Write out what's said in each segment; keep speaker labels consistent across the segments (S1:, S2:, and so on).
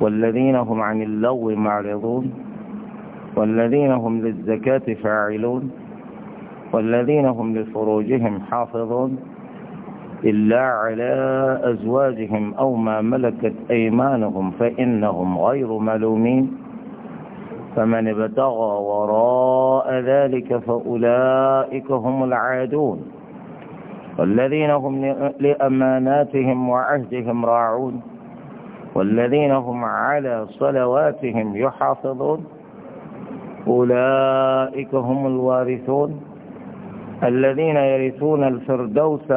S1: والذين هم عن اللغو معرضون والذين هم للزكاة فاعلون والذين هم لفروجهم حافظون إلا على أزواجهم أو ما ملكت أيمانهم فإنهم غير ملومين فمن ابتغى وراء ذلك فأولئك هم العادون والذين هم لأماناتهم وعهدهم راعون والذين هم على صلواتهم يحافظون أولئك هم الوارثون الذين يرثون الفردوس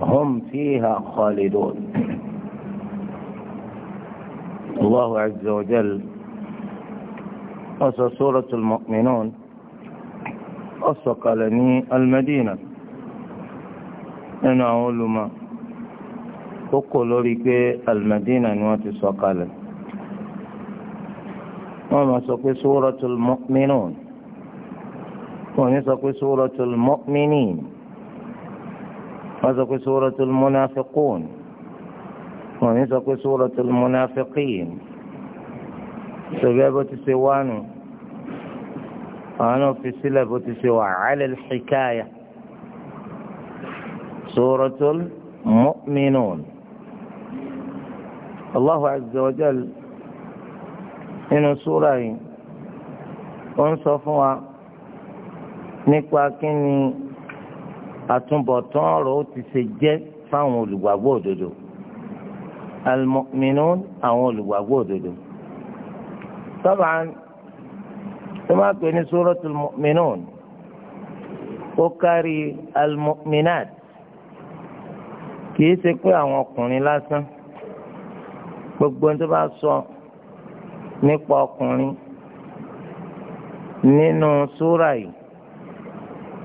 S1: هم فيها خالدون الله عز وجل وصى سورة المؤمنون أسى قال المدينة أنا أقول ما tó kò lórí pé al-Madina ni wọ́n ti sọ kalẹ̀ wọ́n máa sọ pé Suratul Mu'minun wọ́n ní sọ pé Suratul Mu'minin wọ́n sọ pé Suratul Munafiqun wọ́n ní sọ pé Suratul Munafiqin sọ̀rọ̀ bó ti ṣe wánu àwọn náà fi bó ti ṣe wà ala al-Hikaya Suratul Mu'minun. Allahu azza wa jal nínú súra yìí ó ń sọ fún wa nípa kí ni àtúbọ̀tán ọ̀rọ̀ ó ti ṣe jẹ́ fáwọn olùgbàgbọ́ òdodo al-mu'minun àwọn olùgbàgbọ́ òdodo taban tó máa pè ní suratul mu'minun ó kárí al-mu'minat kì í ṣe pé àwọn ọkùnrin lásán gbogbo tó bá sọ nípa ọkùnrin nínú súrà yìí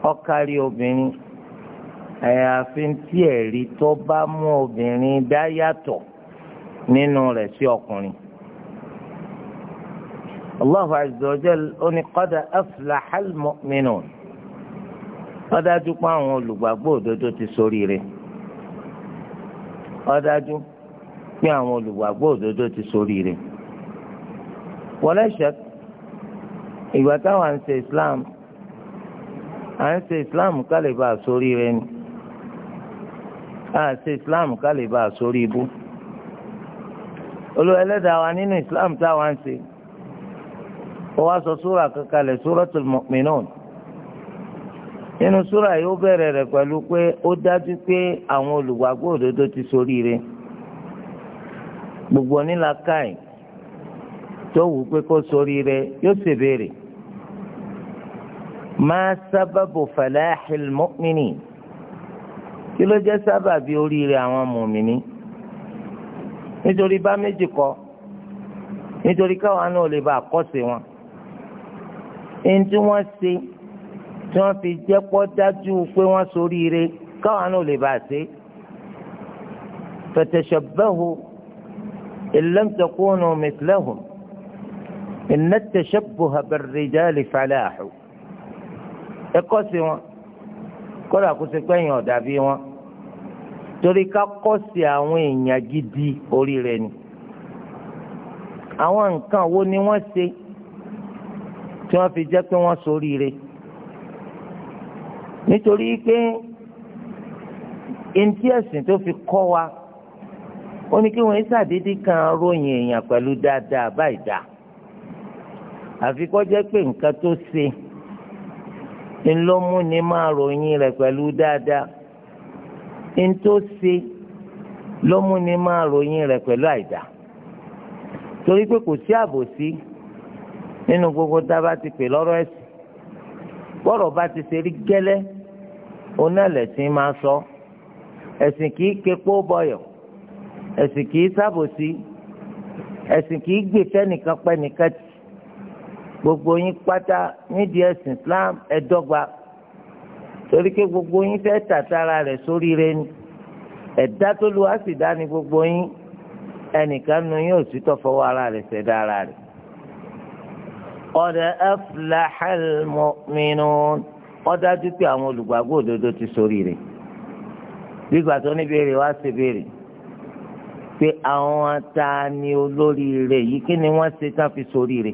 S1: ó kárí obìnrin àyàfi tí ẹ̀rí tó bá mú obìnrin dá yàtọ̀ nínú rẹ̀ sí ọkùnrin. Allahu azza wa jal ó ní qad aflaha al-mu'minun ó dájú pé àwọn olùgbàgbọ́ pé àwọn olùgbàgbọ́ òdodo ti ṣoríire wọlé ṣe ìgbà táwọn à ń ṣe islam à ń ṣe islam ká lè bá a ṣoríire ni à ń ṣe islam ká lè bá a ṣorí ibú olú ẹlẹ́dàá wa nínú islam táwọn à ń ṣe ó wá sọ súrà kankan lẹ̀ súratul mu'minun nínú súrà yìí ó bẹ̀rẹ̀ rẹ̀ pẹ̀lú pé ó dájú pé àwọn olùgbàgbọ́ òdodo ti ṣoríire gbogbo onílàkàì tó wù pé kó sórí rẹ yóò sì béèrè máa sábàbò falahil mu'mini kí ló jẹ́ sábàbí oríire àwọn mùmìnì nítorí bá méjì kọ́ nítorí káwọn náà lè bá àkọ́sí wọn ẹni tí wọ́n ṣe tí wọ́n fi jẹ́pọ́ dájú pé wọ́n sóríire káwọn náà lè bá ṣe fatashabbahu. إن لم تكونوا مثلهم إن التشبه بالرجال فلاح إقصوا kọ́lá àkóso pẹ́yìn ọ̀dà bí wọn torí ká kọ́ sí àwọn èèyàn gidi oríire ni àwọn nǹkan wo ni wọ́n ṣe tí wọ́n fi jẹ́ pé wọ́n ṣoríire nítorí pé ntí ẹ̀sìn tó fi kọ́ wa ó ní kí wọ́n ṣàdédé kan ròyìn èèyàn pẹ̀lú dáadáa báyìí dáa àfi kó jẹ́ pé nǹkan tó ṣe ń ló mú ni máa ròyìn rẹ̀ pẹ̀lú dáadáa ń tó ṣe ló mú ni máa ròyìn rẹ̀ pẹ̀lú àìdá torí pé kò sí àbòsí nínú gbogbo tá a bá ti pè lọ́rọ̀ ẹ̀sìn bọ́rọ̀ bá ti ṣe rí gẹ́lẹ́ oná máa sọ ẹ̀sìn kì í kepo bọ̀yọ̀ ẹ̀sìn kì í sábòsí ẹ̀sìn kì í gbè fẹ́nìkan pẹ́ tì gbogbo yín pátá nídìí ẹ̀sìn Islam ẹ̀dọ́gba torí pé gbogbo yín fẹ́ tàtàrà rẹ̀ sórí rẹ̀ ni ẹ̀dá tó lu àsìdá ni gbogbo yín ẹnìkan nu yóò sì tọ́ fọwọ́ ara rẹ̀ ṣẹ̀dá ara rẹ̀. Qad aflaha al-mu'minun ó dájú pé àwọn olùgbàgbọ́ òdodo ti sórí rẹ̀. bí gbàtọ́ níbi èrè wá sí béèrè pé àwọn ta ni olóríire yìí kí ni wọ́n ṣe tán fi soríire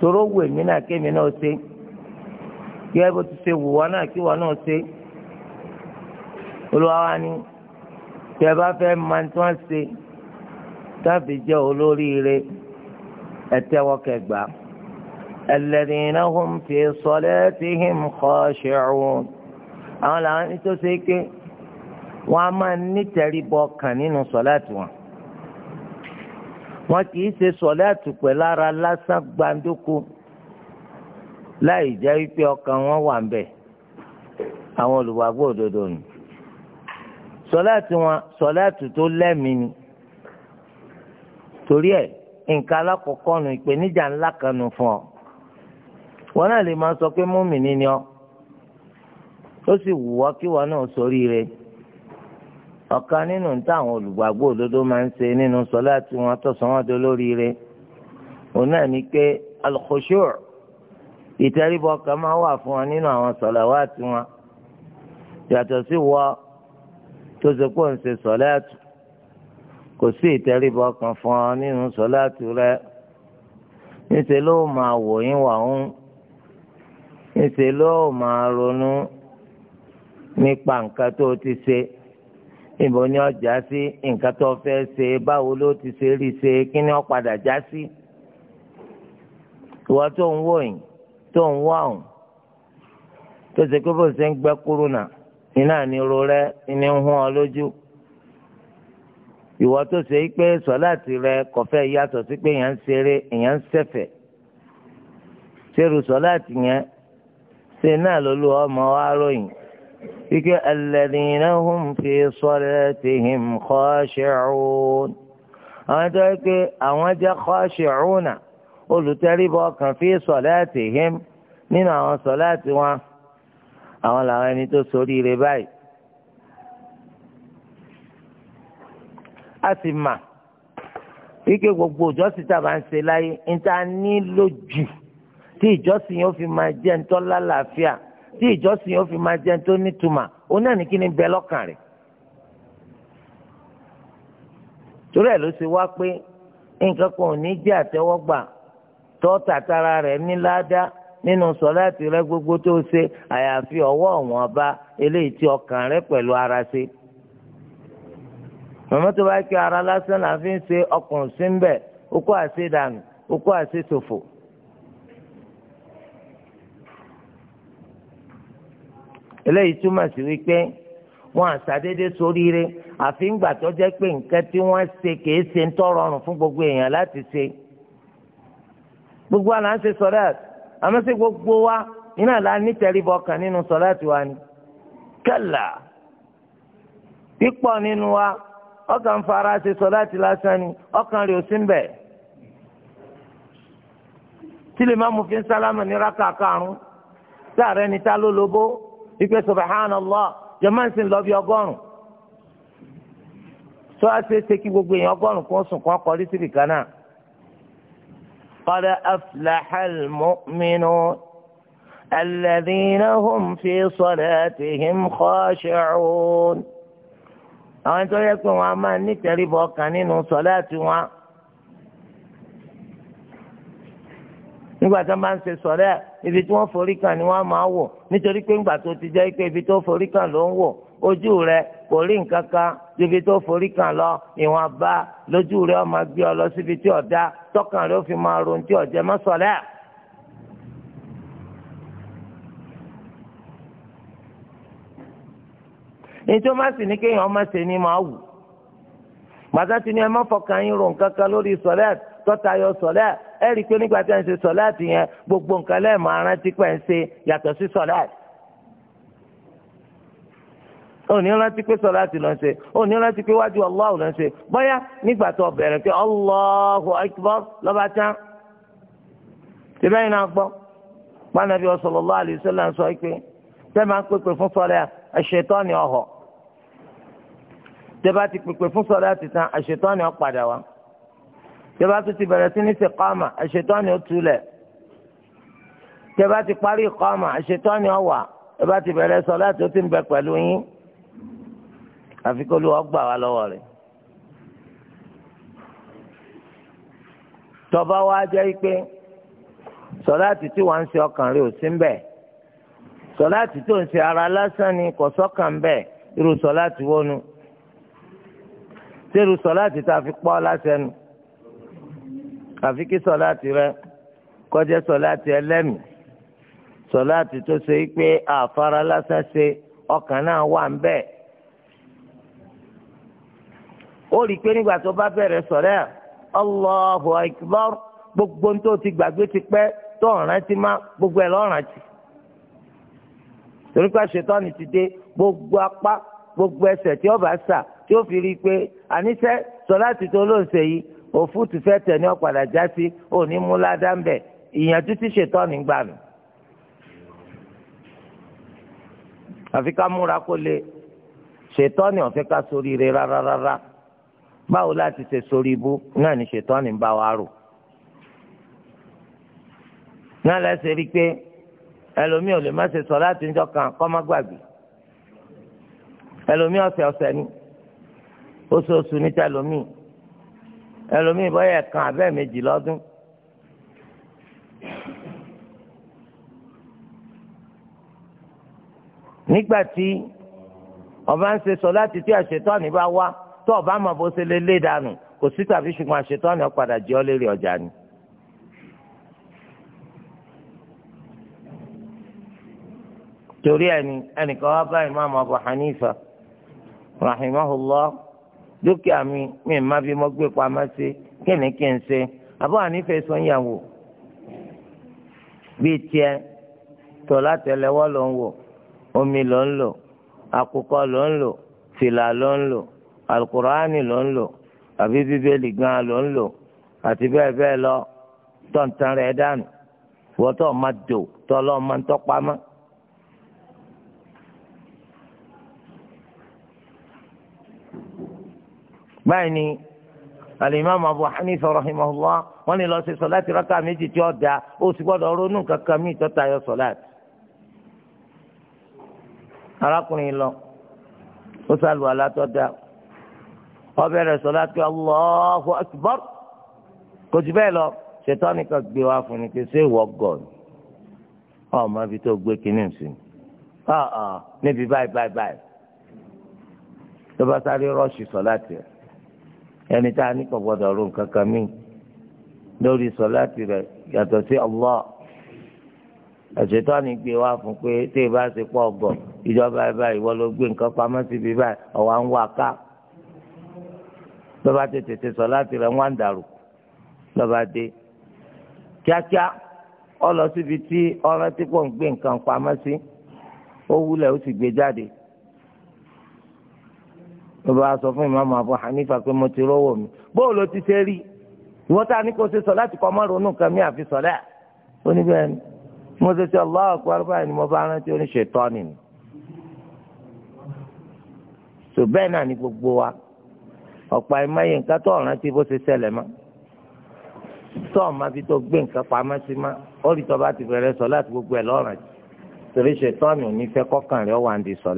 S1: toro wo èmi náà kémi náà ṣe kí ẹ bó ti ṣe wò wá náà kí wọ́n náà ṣe olúwa wa ni tí ẹ bá fẹ́ máa tí wọ́n ṣe táàbì jẹ́ olóríire ẹ tẹ́wọ́ kẹgbàá alladhina hum fi salatihim khashi'un àwọn làwọn ní tó ṣe é ké wọn a máa nítẹrí bọ kàn nínú sọláàtì wọn wọn kì í ṣe sọláàtì pẹ̀lú ara lásán gbàǹdókò láì jẹ́ wípé ọkàn wọn wà ń bẹ̀ àwọn olùwàgbọ́ òdodo nù sọláàtì wọn sọláàtì tó lẹ́mìí ni torí ẹ̀ nǹkan alákọ̀ọ́kọ́ nù ìpèníjà ńlá kan nù fún ọ wọn náà lè máa sọ pé múmi ní ni ọ ó sì wù ọ kí wọn náà sóríire ọ̀kan nínú níta àwọn olùgbàgbọ́ òdodo máa ń ṣe nínú sọlá tí wọ́n tọ̀sán wọn dé lóríire òun náà ni pé al-khushu' ìtẹríbọ kan máa wà fún wọn nínú àwọn sọláwàtì wọn yàtọ̀ sí wọ tó ṣe pọ̀ ń ṣe sọláàtù kò sí ìtẹríbọ kan fún ọ nínú sọláàtù rẹ níṣẹ́ ló máa wò yín wà ń níṣẹ́ ló máa ronú nípa nǹkan tó ti ṣe. ibo ni ó sí nǹkan tó fẹ́ ṣe báwo ló ti ṣe rí ṣe kí ni ó padà já sí. ìwọ tó ń wò yìí tó ń tó ṣe pé bó ṣe ń gbẹ́ iná ro rẹ ní ń hún ọ lójú. ìwọ tó ṣe pé sọ́láàtì rẹ kò fẹ́ yàtọ̀ sí pé èèyàn ń ṣeré èèyàn ń ṣẹ̀fẹ̀. sọ́láàtì yẹn ṣe náà ló lu ọmọ wa ike alladhina hum fi salatihim khashi'un àwọn tó yẹ pé àwọn jẹ́ khashi'una olùtẹ́ríbọ̀ kan fi salatihim nínú àwọn sọláàtì wọn àwọn làwọn ẹni tó ṣoríire báyìí. a sì mà wíkẹ́ gbogbo ìjọsìn tá ń ṣe láyé níta nílò jù tí ìjọsìn yóò fi máa jẹ́ ńtọ́ lálàáfíà tí ìjọsìn yóò fi máa jẹ tó nítumà òun náà ní kí ni bẹ lọ́kàn rẹ̀ torí ẹ̀ ló ṣe wá pé nǹkan kan ò ní jẹ́ àtẹ́wọ́gbà tó tàtàrà rẹ̀ ní ládàá nínú sọláàtì rẹ̀ gbogbo tó ṣe àyàfi ọwọ́ ọ̀wọ́n ọba eléyìí tí ọkàn rẹ̀ pẹ̀lú ara ṣe mọ̀mọ́ tó bá kí ara lásán là ń ṣe ọkùnrin sí ń bẹ̀ ó kó dànù ó kó ṣòfò eléyìí túmọ̀ sí wípé wọn àṣàdédé soríire àfi ńgbà tó jẹ́ pé nǹkan tí wọ́n ṣe kìí ṣe ń tọrọ ọrùn fún gbogbo èèyàn láti ṣe gbogbo àlà ṣe sọlá àmọ́ sí gbogbo wa iná la ní tẹríbọ kan nínú sọlá tiwa ni kẹlà pípọ̀ nínú wa ọkàn ń fara ṣe sọlá ti lásán ni ọkàn rẹ̀ ò sí ń bẹ̀ tí lè má mú fi ń sálámù ní rákà karùn sáà rẹ ni tá ló lobó ìpè subhanallah jama ń sìn lọ bí ọgọ́rùn tó a ṣe ṣe kí gbogbo èèyàn ọgọ́rùn kó sùn kó kọrí síbi kan náà. qad aflaha al hum fi salatihim khashi'un. àwọn tó yẹ pé wọn a máa ní tẹríbọ kan nínú sọláàtì wọn. nígbà tó máa ń ṣe sọ̀rẹ́ ibi tí wọ́n forí kan ni wọ́n máa wò nítorí pé ńgbà tó ti jẹ́ pé ibi tó forí kan ló ń wò ojú rẹ kò rí nǹkan kan ju ibi tó forí kan lọ ìwọ̀n bá lójú rẹ ó máa gbé ọ lọ síbi tí ọ̀dá tọkàn rẹ ó fi máa ronú tí ọ̀jẹ̀ mọ́ sọ̀rẹ́. nítorí má sì ní kéèyàn ọmọ ṣe ni máa wù gbàtà tí ni ẹ má fọkàn yín ro nǹkan kan lórí sọ̀rẹ́ tọ́tayọ sọ̀lẹ́ ẹ rí i pé nígbà tí a ń ṣe sọ̀lẹ́ àti yẹn gbogbo nǹkan lẹ́ẹ̀ máa rántí pé ń ṣe yàtọ̀ sí sọ̀lẹ́ àti. òní rántí pé sọ̀lẹ́ àti lọ́n ṣe òní rántí pé wájú Allahu lọ́n ṣe bóyá nígbà tó bẹ̀rẹ̀ pé Allahu akbar lọ́ba tán. tìbẹ́yìn náà gbọ́ pànàbí sallallahu alaihi wasallam sọ tẹ́bá tó ti bẹ̀rẹ̀ sí ní sèkọ́mà àṣetọ́ni ó túlẹ̀ tẹ́bá ti parí ìkọ́mà àṣetọ́ni ó wà tẹ́bá ti bẹ̀rẹ̀ sọ láti ó ti ń bẹ pẹ̀lú yín àfi kó ló gbà wá lọ́wọ́ rẹ̀. tọ́ba wa jẹ́ pé sọláàtì tí wọ́n ń ṣe ọkàn rẹ̀ ò sí ń bẹ̀ sọláàtì tó ń ṣe ara lásán ni kò sọ́kàn ń bẹ̀ irú sọláàtì wónú. sẹ́rù sọláàtì tá a fi pọ́ lásán nu. àfi kí sọláàtì rẹ kọjá sọláàtì ẹlẹ́mì sọláàtì tó ṣe pé àfara lásán ṣe ọkàn náà wà ń bẹ́ẹ̀. ó rí i pé nígbà tó bá bẹ̀rẹ̀ sọ̀rẹ́ à Allahu Akbar gbogbo tó ti gbàgbé ti pẹ́ tó ọ̀rántí gbogbo ẹ̀ lọ́ọ̀rántí. torí ti dé gbogbo apá gbogbo ẹsẹ̀ tí ó bá fi rí i pé àníṣe sọláàtì tó ló ń òfu ti fẹ́ tẹ̀ ní ọ̀padà já sí òní mú ládàá ń bẹ̀ ìyànjú ti ṣètọ́ nígbà nù. àfi ká múra kó lè ṣètọ́ ni ọ̀fẹ́ ká sórí rẹ rárá rárá báwo láti ṣe sórí ibú náà ni ṣètọ́ ni bá wa rò. náà lẹ́sẹ̀ rí i pé ẹlòmíì ò lè má ṣe sọ láti ń jọ kan kọ́ má gbàgbé ẹlòmíì ọ̀sẹ̀ ọ̀sẹ̀ ni oṣooṣù níta ẹlòmíì ẹlòmíì bọ́yá ẹ̀kan abẹ́ méjì lọ́dún. nígbà tí ọba ń ṣe sọ láti tí àṣetọ́ni bá wá tó ọba mọ̀ bó ṣe lé lé dànù kò sí tàbí ṣùgbọ́n àṣetọ́ni ọ̀padà jẹ́ ọ lérí ọjà ni. torí ẹni ẹnìkan wá bá Imam Abu Hanifa rahimahullah dúkìá mi mi má fi mọ́ gbé pamọ́ sí kíni kí n ṣe àbọ̀ ànífẹ́ sọ ń yàwó bíi tiẹ̀ tọ̀ látẹlẹwọ́ ló ń wò omi ló ń lò àkùkọ ló ń lò fìlà ló ń lò alukuraani ló ń lò àbí bíbélì gan ló ń lò àti bẹ́ẹ̀ bẹ́ẹ̀ lọ tọ̀ntàn rẹ̀ dànù wọ́tọ̀ ma dò tọ́lọ́ ma ń tọ́ pamọ́. báyìí ni alimami abu hanifa rahimahullah wọn ni lọ sí sọláàtì rákà méjì tí ó da ó sì gbọ́dọ̀ ronú kankan mí tó tayọ sọláàtì. arákùnrin lọ ó sálù alátọ da ó bẹ̀rẹ̀ sọláàtì allahu akbar kò jù bẹ́ẹ̀ lọ ṣètò nìkan gbé wá fún ni pé ṣé ìwọ gọ ni ọ tó gbé kínní sí i níbi báyìí báyìí báyìí tó bá sáré rọ́ọ̀ṣì sọláàtì rẹ̀ ẹni tá a ní kò gbọdọ̀ ro nǹkan kan mí lórí sọláàtì rẹ̀ yàtọ̀ sí Allah àṣetọ́ni gbé wá fún pé tí ìbá ṣe pọ̀ gbọ̀ ìjọba ẹ̀ báyìí wọ́n ló gbé nǹkan pamọ́ síbi báyìí ọ̀wá ń wá ká lọ́ba tètè ṣe sọláàtì rẹ̀ wọ́n á ń dàrú lọ́ba dé kíákíá ọ lọ síbi tí ọ̀rẹ́ tí kò ń gbé nǹkan pamọ́ sí ó wúlẹ̀ ó sì gbé jáde ló bá sọ fún ìmáàmù Abu Hanifa pé mo ti rówó mi bóò ló ti ṣe rí ìwọ́n tá a ní kó ṣe sọ láti kọ́ ọmọ ronú kan mi àfi sọ lẹ́à ó ní bẹ́ẹ̀ ni mo ṣe ṣe Allahu Akbar báyìí ni mo bá rántí oníṣe tọ́ni ni. tó bẹ́ẹ̀ náà ni gbogbo wa ọ̀pọ̀ àìmáyé nǹkan tó ọ̀ràn tí bó ṣe ṣẹlẹ̀ mọ́ tó ọ̀ máa fi tó gbé nǹkan pamọ́ sí mọ́ ó rí tọ́ bá ti bẹ̀rẹ̀ sọ láti gbogbo ẹ̀ lọ́ràn torí ṣe tọ́ni ò ní fẹ́ kọ́kàn rẹ̀ ń di sọ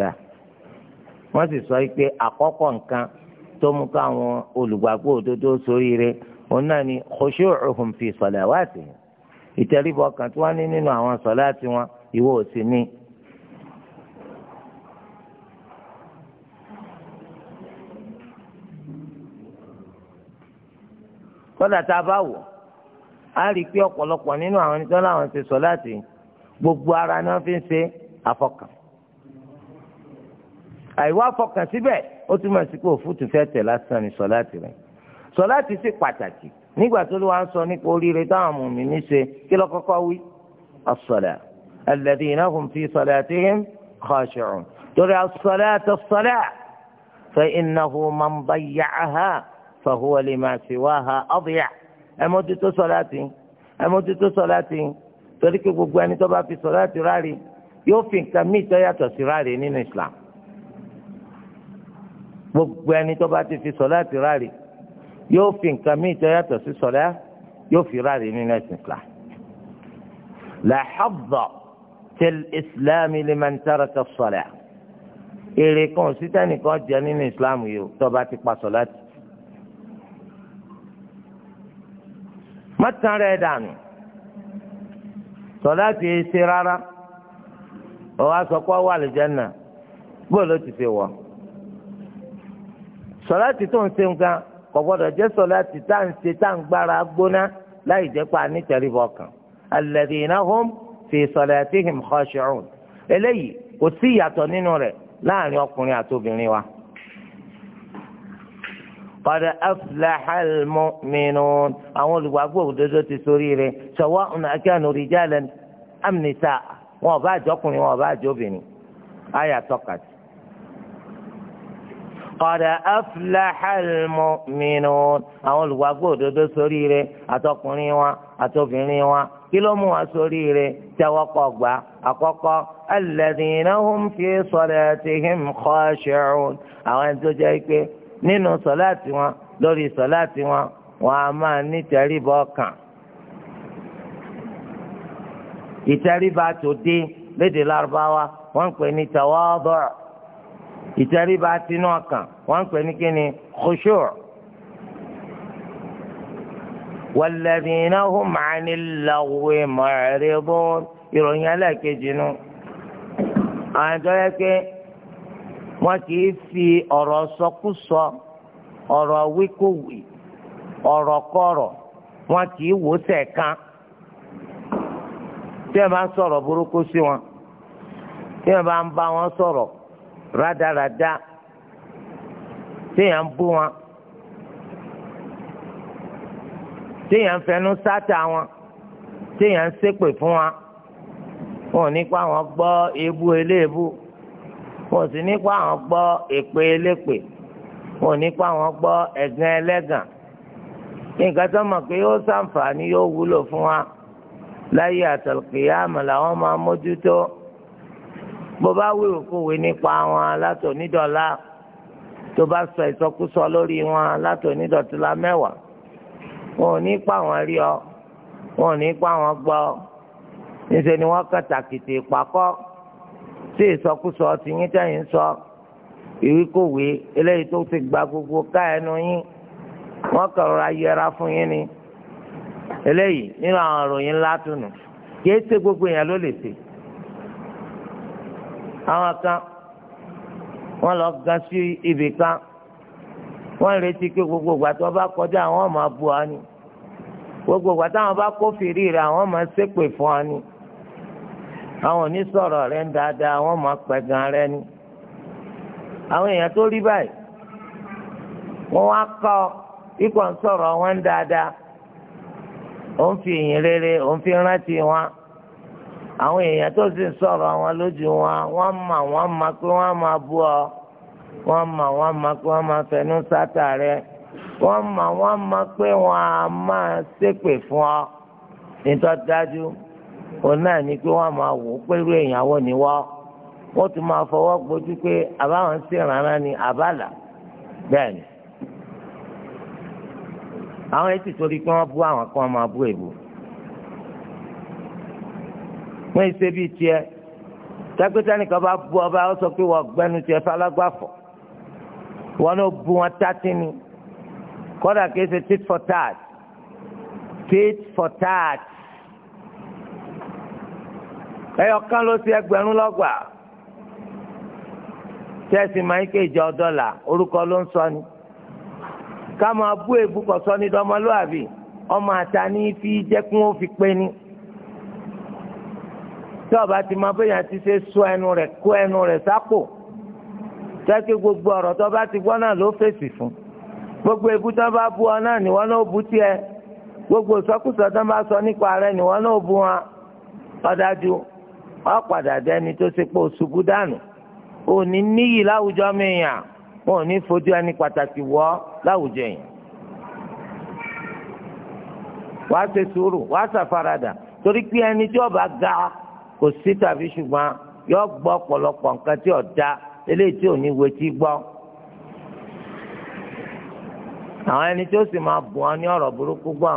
S1: wọ́n sì sọ pé àkọ́kọ́ nǹkan tó mú káwọn olùgbàgbọ́ òdodo ṣoríire òun náà ni khushu'uhum fi salawatihim ìtẹríbọ kan tí wọ́n ní nínú àwọn sọláàtì wọn ìwọ ò sí ní. kódà tá a bá wò á rí i pé ọ̀pọ̀lọpọ̀ nínú àwọn ẹni tó láwọn ti sọláàtì gbogbo ara ni wọ́n fi ń ṣe àfọkàn àìwá fọkàn síbẹ̀ ó túmọ̀ sí pé òfútu fẹ́ tẹ̀ lásán ni sọ̀láàtì rẹ̀ sọ̀láàtì sì pàtàkì nígbà tó ló wá ń sọ nípa oríire táwọn mùmí ní ṣe kí ló kọ́kọ́ wí as-salā alladhīna hum fī ṣalātihim khāshi'ūn torí as-salātu as-salāh fa innahu man ḍayya'ahā fa huwa limā siwāhā aḍyaʿ ẹ mójútó sọ̀láàtì ẹ mójútó sọ̀láàtì torí kí gbogbo ẹni tó bá fi sọ̀láàtì ráre yóò gbogbo ẹni tó bá ti fi sọlá ti ráre yóò fi nǹkan míì tó yàtọ̀ sí sọlá yóò fi ráre nínú ẹ̀sìn Islam. la hadda til islami liman taraka sọlá èrè kan sítẹ́nì kan jẹ nínú Islam yìí tó bá ti pa sọlá ti. mọ́tàn rẹ̀ dànù sọlá ti ṣe rárá ó wá sọ pé wà lè jẹ́ nà ti fi wọ̀ sọláàtì tó ń ṣe nǹkan kò gbọdọ̀ jẹ́ sọláàtì tá à ń ṣe tá à ń gbára gbóná láì jẹ́ pa nítẹ̀ríbọ̀ kan alladhina hum fi salatihim khashi'un eléyìí kò sí ìyàtọ̀ nínú rẹ̀ láàrin ọkùnrin àti obìnrin wa. qad aflaha al-mu'minun àwọn olùgbàgbọ́ òdodo ti sórí rẹ̀ sawa'un akanu rijalan am nisaa wọn ò bá qad aflaha al-mu'minun àwọn olùwàgbọ́ òdodo ṣoríire àtọkùnrin wọn àtobìnrin wọn kí ló mú wọn ṣoríire tẹ́wọ́pọ̀ gbà àkọ́kọ́ alladhina hum fi salatihim khashi'un àwọn ẹni tó jẹ́ pé nínú sọláàtì wọn lórí sọláàtì wọn wọn a máa ní tẹríba ọkàn ìtẹríba tòde lédè lárúbáwá wọn ń pè ní tawadu' ìtẹríba tinú ọkàn wọ́n ń pè ní kíni khushu' walladhina hum 'anil lagwi mu'ridun ìròyìn ẹlẹ́ẹ̀kejì nu àwọn ìjọ yẹ pé wọ́n kì í fi ọ̀rọ̀ sọkúsọ ọ̀rọ̀ wíkúwì ọ̀rọ̀ kọ̀rọ̀ wọn kì í wò sẹ̀kan tí ẹ bá ń sọ̀rọ̀ burúkú sí wọn tí ẹ bá ń bá wọn sọ̀rọ̀ rádaràda téèyàn ń bú wọn téèyàn ń fẹnu sáta wọn téèyàn ń ṣépè fún wọn wọn ò ní pa àwọn gbọ́ ebú eléèbú wọn ò sì ní pa àwọn gbọ́ èpè elépè wọn ò ní pa àwọn gbọ́ ẹ̀gàn ẹlẹ́gàn nǹkan tó mọ̀ pé yóò ṣàǹfààní yóò wúlò fún wa láyé àtàlùkìyà àmàlà wọn máa mójútó bó bá wéwò kówé nípa wọn látònídọ̀lá tó bá sọ ìsọkúsọ lórí wọn látònídọ̀tìlá mẹ́wàá wọn ò ní pa wọn rí ọ wọn ò ní pa wọn gbọ́ níṣẹ́ ni wọ́n kàtàkìtì pàkọ́ sí ìsọkúsọ tìyín tẹ̀yìn sọ ìwíkòwé eléyìí tó ti gba gbogbo ká ẹnu yín wọ́n kàn rọra yẹra fún yín ni eléyìí nínú àwọn ìròyìn ńlá tunu kì í ṣe gbogbo èèyàn ló lè ṣe. àwọn kan wọ́n lọ gan sí ibì kan wọ́n retí pé gbogbo ìgbà tí wọ́n bá kọjá àwọn máa bú ọ ni gbogbo ìgbà táwọn bá kó fìrí àwọn ọ ni àwọn onísọ̀rọ̀ rẹ̀ ń dáadáa àwọn ni àwọn èèyàn tó rí báyìí wá ikọ̀ ń fi ìyìn rere òun fi rántí àwọn èèyàn tó sì ń sọ̀rọ̀ àwọn lójú wọn wọ́n mà wọ́n mà pé wọ́n máa bú ọ wọ́n mà wọ́n mà pé wọ́n máa fẹnu sátà rẹ wọ́n mà wọ́n mà pé wọ́n á máa sépè fún ọ nítọ́ dájú òun náà ni pé wọ́n máa wò ó pé irú èèyàn wo ni wọ́n wọ́n tún máa fọwọ́ gbójú pé àbáwọn sì rànán ni àbálà bẹ́ẹ̀ ni àwọn etí torí pé wọ́n bú àwọn kan máa bú èbò. wọ́n ṣe bíi tiẹ̀ tẹ́gbẹ́tẹ́ nìkan bá bu ọba ó sọ pé wọ́n gbẹ́nu tiẹ̀ falágbàfọ̀ wọn ló bu wọn tátí kọ́dà kìí ṣe tit for tat tit for tat ẹyọ kan ló ti ẹgbẹ̀rún lọ́gbà tẹ́sí máìkè ìjọ dọ́là orúkọ ló ń sọ ni ká máa bú èbúkọ̀ sọ ní dọ́mọlúàbí ọmọ àtàní fi jẹ́ kí wọ́n fi pé ni. tí ọba ti máa bẹ́yà ti ṣe sọ ẹnu rẹ̀ kó ẹnu rẹ̀ sápò jẹ́kí gbogbo ọ̀rọ̀ tó ti gbọ́ náà ló fèsì fún gbogbo ebú tó bá bú ọ náà nìwọ náà bú tiẹ̀ gbogbo ìsọkúsọ tó bá sọ nípa rẹ nìwọ náà wọn ọ̀dájú ọ padà dẹni tó ṣe pé dànù níyì láwùjọ mìíràn ní fojú ẹni pàtàkì láwùjọ yìí wàá ṣe sùúrù wàá ṣàfaradà torí pé kò sí tàbí ṣùgbọ́n yóò gbọ́ ọ̀pọ̀lọpọ̀ nǹkan tí ọ̀dà eléyìí tí ò ní wetí gbọ́. àwọn ẹni tí ó sì máa bù wọn ní ọ̀rọ̀ burúkú gbọ́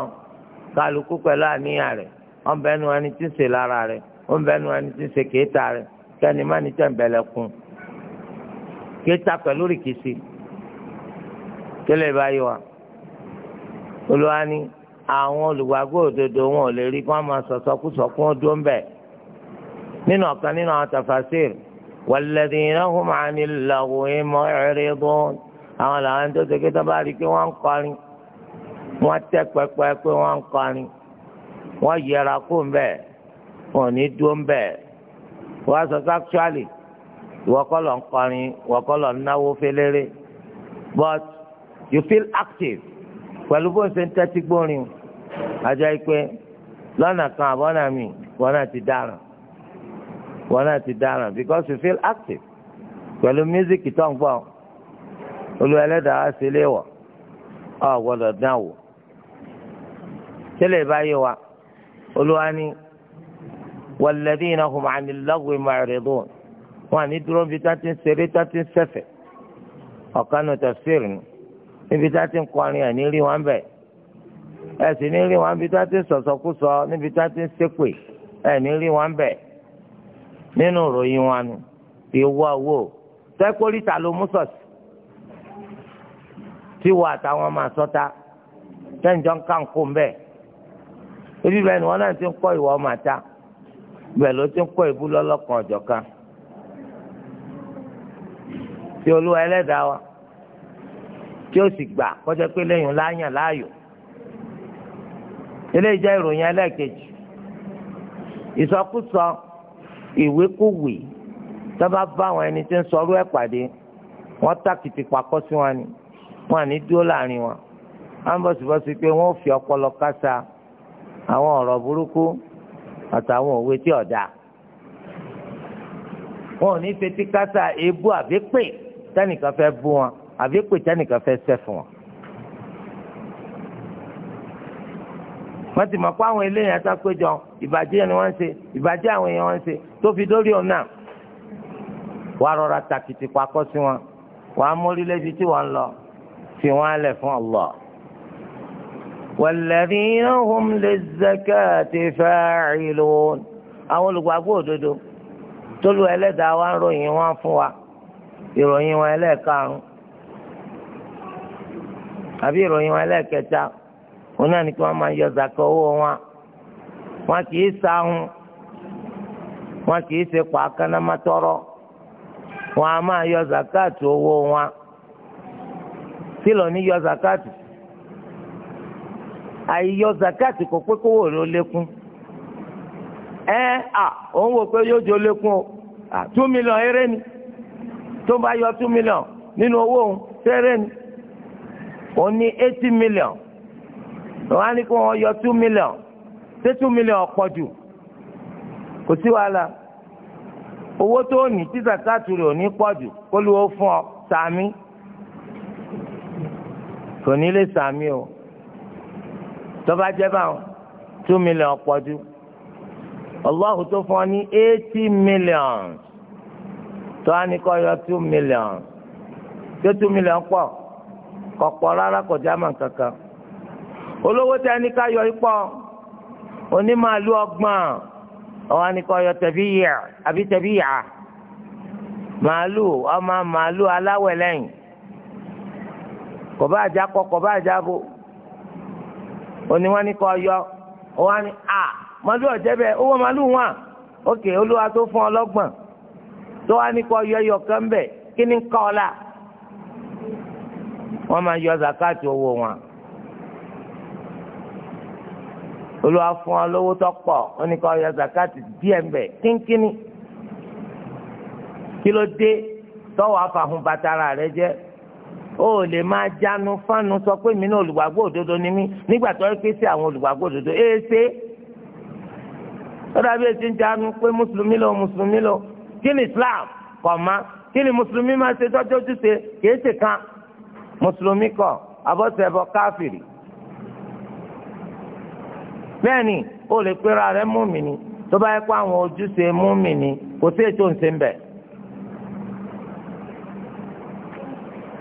S1: kálukú pẹ̀lú àníyàn rẹ̀ wọ́n bẹ́ẹ̀ nu ẹni tí ń ṣe lára rẹ̀ wọ́n bẹ́ẹ̀ nu ẹni tí ń ṣe kéétà rẹ̀ kẹ́ni má ní tẹ̀m̀bẹ̀lẹ̀ kun kéétà pẹ̀lú rìkìsì kílẹ̀ báyìí wa olùwani àwọn olùgbàgbọ́ òdodo wọn ò lè rí kí wọ́n máa sọ̀sọ́kú sọ̀kú wọn dúró nínú ọ̀kan nínú àwọn tafasir walladhina hum 'anil laghwi mu'ridun àwọn làwọn tó ṣe kéta bá rí i pé wọ́n ń kọrin wọ́n tẹ́ pẹpẹ pé wọ́n ń kọrin wọ́n yẹra kó ń bẹ̀ wọ́n ní dúró ń bẹ̀ wọ́n sọ sáktúálì ìwọ́kọ́lọ̀ ń kọrin ìwọ́kọ́lọ̀ ń náwó féléré but you feel active pẹ̀lú bó ń ṣe ń tẹ́tí gbórin àjọ ìpè lọ́nà kan àbọ̀nà mi wọ́n náà ti dáràn wọn náà ti dáràn because you feel active pẹ̀lú mísíkì tó ń gbọ́ olú ẹlẹ́dàá ṣe lé wọ̀ ọ gbọ́dọ̀ dán wò tẹ́lẹ̀ báyìí wa olúwa ni walladhina hum 'anil lagwi mu'ridun wọn àní dúró níbi tá ti ń ṣeré tá ti ń ṣẹ̀fẹ̀ ọ̀kan nù tafsir ni níbi tá ti ń kọrin ẹ̀ ní rí wọn bẹ̀ ẹ̀ sì ní rí wọn níbi tá ti ń sọ̀sọ̀kúsọ níbi tá ti ń ṣépè ẹ̀ ní rí wọn bẹ̀ nínú ìròyìn wọn nù ìwọ wò tẹkórìtà ló mú sọ̀sì tí wọ àtàwọn máa sọ́ta tẹ́ǹjọ́ ń ká ń kó mbẹ́ ibi bẹ́ẹ̀ ni wọ́n náà ti ń kọ́ ìwọ ọmọ àta bẹ́ẹ̀ ló ti ń kọ́ ìbú lọ́lọ́kan ọ̀jọ̀ kan tí olúwa ẹlẹ́dàá wa tí ó sì gbà kọjá pé lẹ́yìn láàyàn láàyò eléyìí jẹ́ ìròyìn ẹlẹ́ẹ̀kejì ìsọkúsọ ìwékòwé tọ́ba bá àwọn ẹni tí ń sọ̀rọ̀ ẹ̀ pàdé wọ́n tàkìtì pakọ́ sí wọn ni wọn àní dúró láàrin wọn wọn bọ̀sibọ́sí pé wọ́n fi ọpọlọ kásá àwọn ọ̀rọ̀ burúkú àtàwọn òwe tí ọ̀dà wọn ò ní fetí kásá èébú àbí pè tẹ́nìkan fẹ́ bú wọn àbí pè tẹ́nìkan fẹ́ sẹ́ fún wọn. wọ́n ti mọ̀ pé àwọn eléyàn tá péjọ ìbàjẹ́ ni wọ́n ń ṣe ìbàjẹ́ àwọn èèyàn wọ́n ń ṣe tó fi dórí òun náà wàá rọra tàkìtì pakọ́ sí wọn wàá mórí lébi tí wọ́n ń lọ fi wọ́n lẹ̀ fún Allah. والذين هم للزكاة فاعلون àwọn olùgbàgbọ́ òdodo tó lu ẹlẹ́dàá wa ń ròyìn wọn fún wa ìròyìn wọn ẹlẹ́ẹ̀karùn-ún àbí ìròyìn wọn ẹlẹ́ẹ̀kẹta wọn náà ní kí wọn máa yọ zaka owó wọn wọn kì í sáhùn wọn kì í ṣe pa akánámátọrọ wọn a máa yọ zakat owó wọn tí lọ ní yọ zakat àìyọ zakat kò pé kówó rẹ ó lékún ẹ à òun wò pé yóò jọ lékún o two million eré ni tó bá yọ two million nínú owó òun ṣe eré ni òun ní eighty million wọ́n á ní kí yọ two million ṣé two million ọ̀pọ̀ jù kò sí wàhálà owó tó ní tí zakatu rẹ̀ ò ní pọ̀ jù kó ló fún ọ sàmí kò ní lè sàmí o tọ́ba jẹ́ báwọn two million ọ̀pọ̀ jù ọlọ́hu tó fún ọ ní eighty million tó á ní kọ́ yọ two million tó two million pọ̀ kọ̀pọ̀ rárá kọjá mọ̀ kankan olówó tẹ ní ká yọ ipọ onímàálù ọgbọ̀n ọwọ́ ní kọ́ yọ tẹ̀bíyà àbí tẹ̀bíyà màálù ọmọ màálù aláwẹ̀ lẹ́yìn kò bá àjà kọ kò bá àjà bo òní wọn ní kọ́ yọ ọwọ́ ní à màálù ọ̀jẹ́ bẹ́ẹ̀ owó màálù wọn òkè olúwa tó fún ọ lọ́gbọ̀n tó wá ní kọ́ yọ yọ kán kí ni kọ́ ọ la wọ́n máa yọ zakati owó wọn. olúwa fún wa lówó tó pọ̀ ó ní kó yọ zakati díẹ̀ ń bẹ̀ kínkínní kí ló dé tọ́wọ́ afahun bàtàrà rẹ jẹ́ o lè máa jánu fánu sọ pé mi náà olùgbàgbọ́ òdodo ni mí nígbà tó ẹ pé sí àwọn olùgbàgbọ́ òdodo ẹ e ṣe ó dàbí ń jánu pé mùsùlùmí lọ mùsùlùmí lọ kí ni Islam kọ̀ ma kí ni mùsùlùmí máa ṣe tọ́jú ojúṣe kìí ṣe kan mùsùlùmí kọ̀ abọ́sẹ̀bọ káfìrì bẹ́ẹ̀ ni ó lè pera rẹ̀ mùmínì tó bá yẹ kó àwọn ojúṣe mùmínì kò sí ètò ńṣe ń bẹ̀.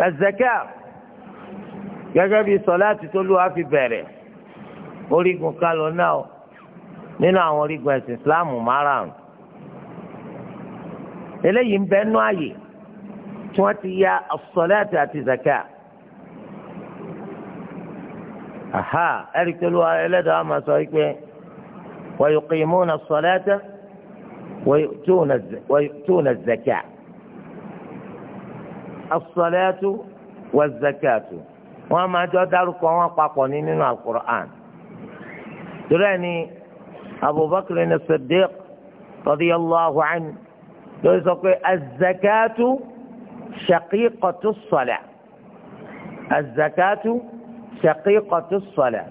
S1: ẹ̀zẹ̀kẹ́ gẹ́gẹ́ bí sọláàtì tó lù wá fi bẹ̀rẹ̀ orígun kálọ̀ náà nínú àwọn orígun ẹ̀sìn Ìsìláàmù márùn-ún eléyìí ń bẹ́ẹ̀ nú àyè tí wọ́n ti ya sọláàtì àti zẹ̀kẹ́ أها أريك الى إلدها ما سويك ويقيمون الصلاة ويؤتون, ويؤتون الزكاة الصلاة والزكاة وما جدارك وقاقنين من القرآن تراني أبو بكر الصديق رضي الله عنه يقول الزكاة شقيقة الصلاة الزكاة shaqiqatu salat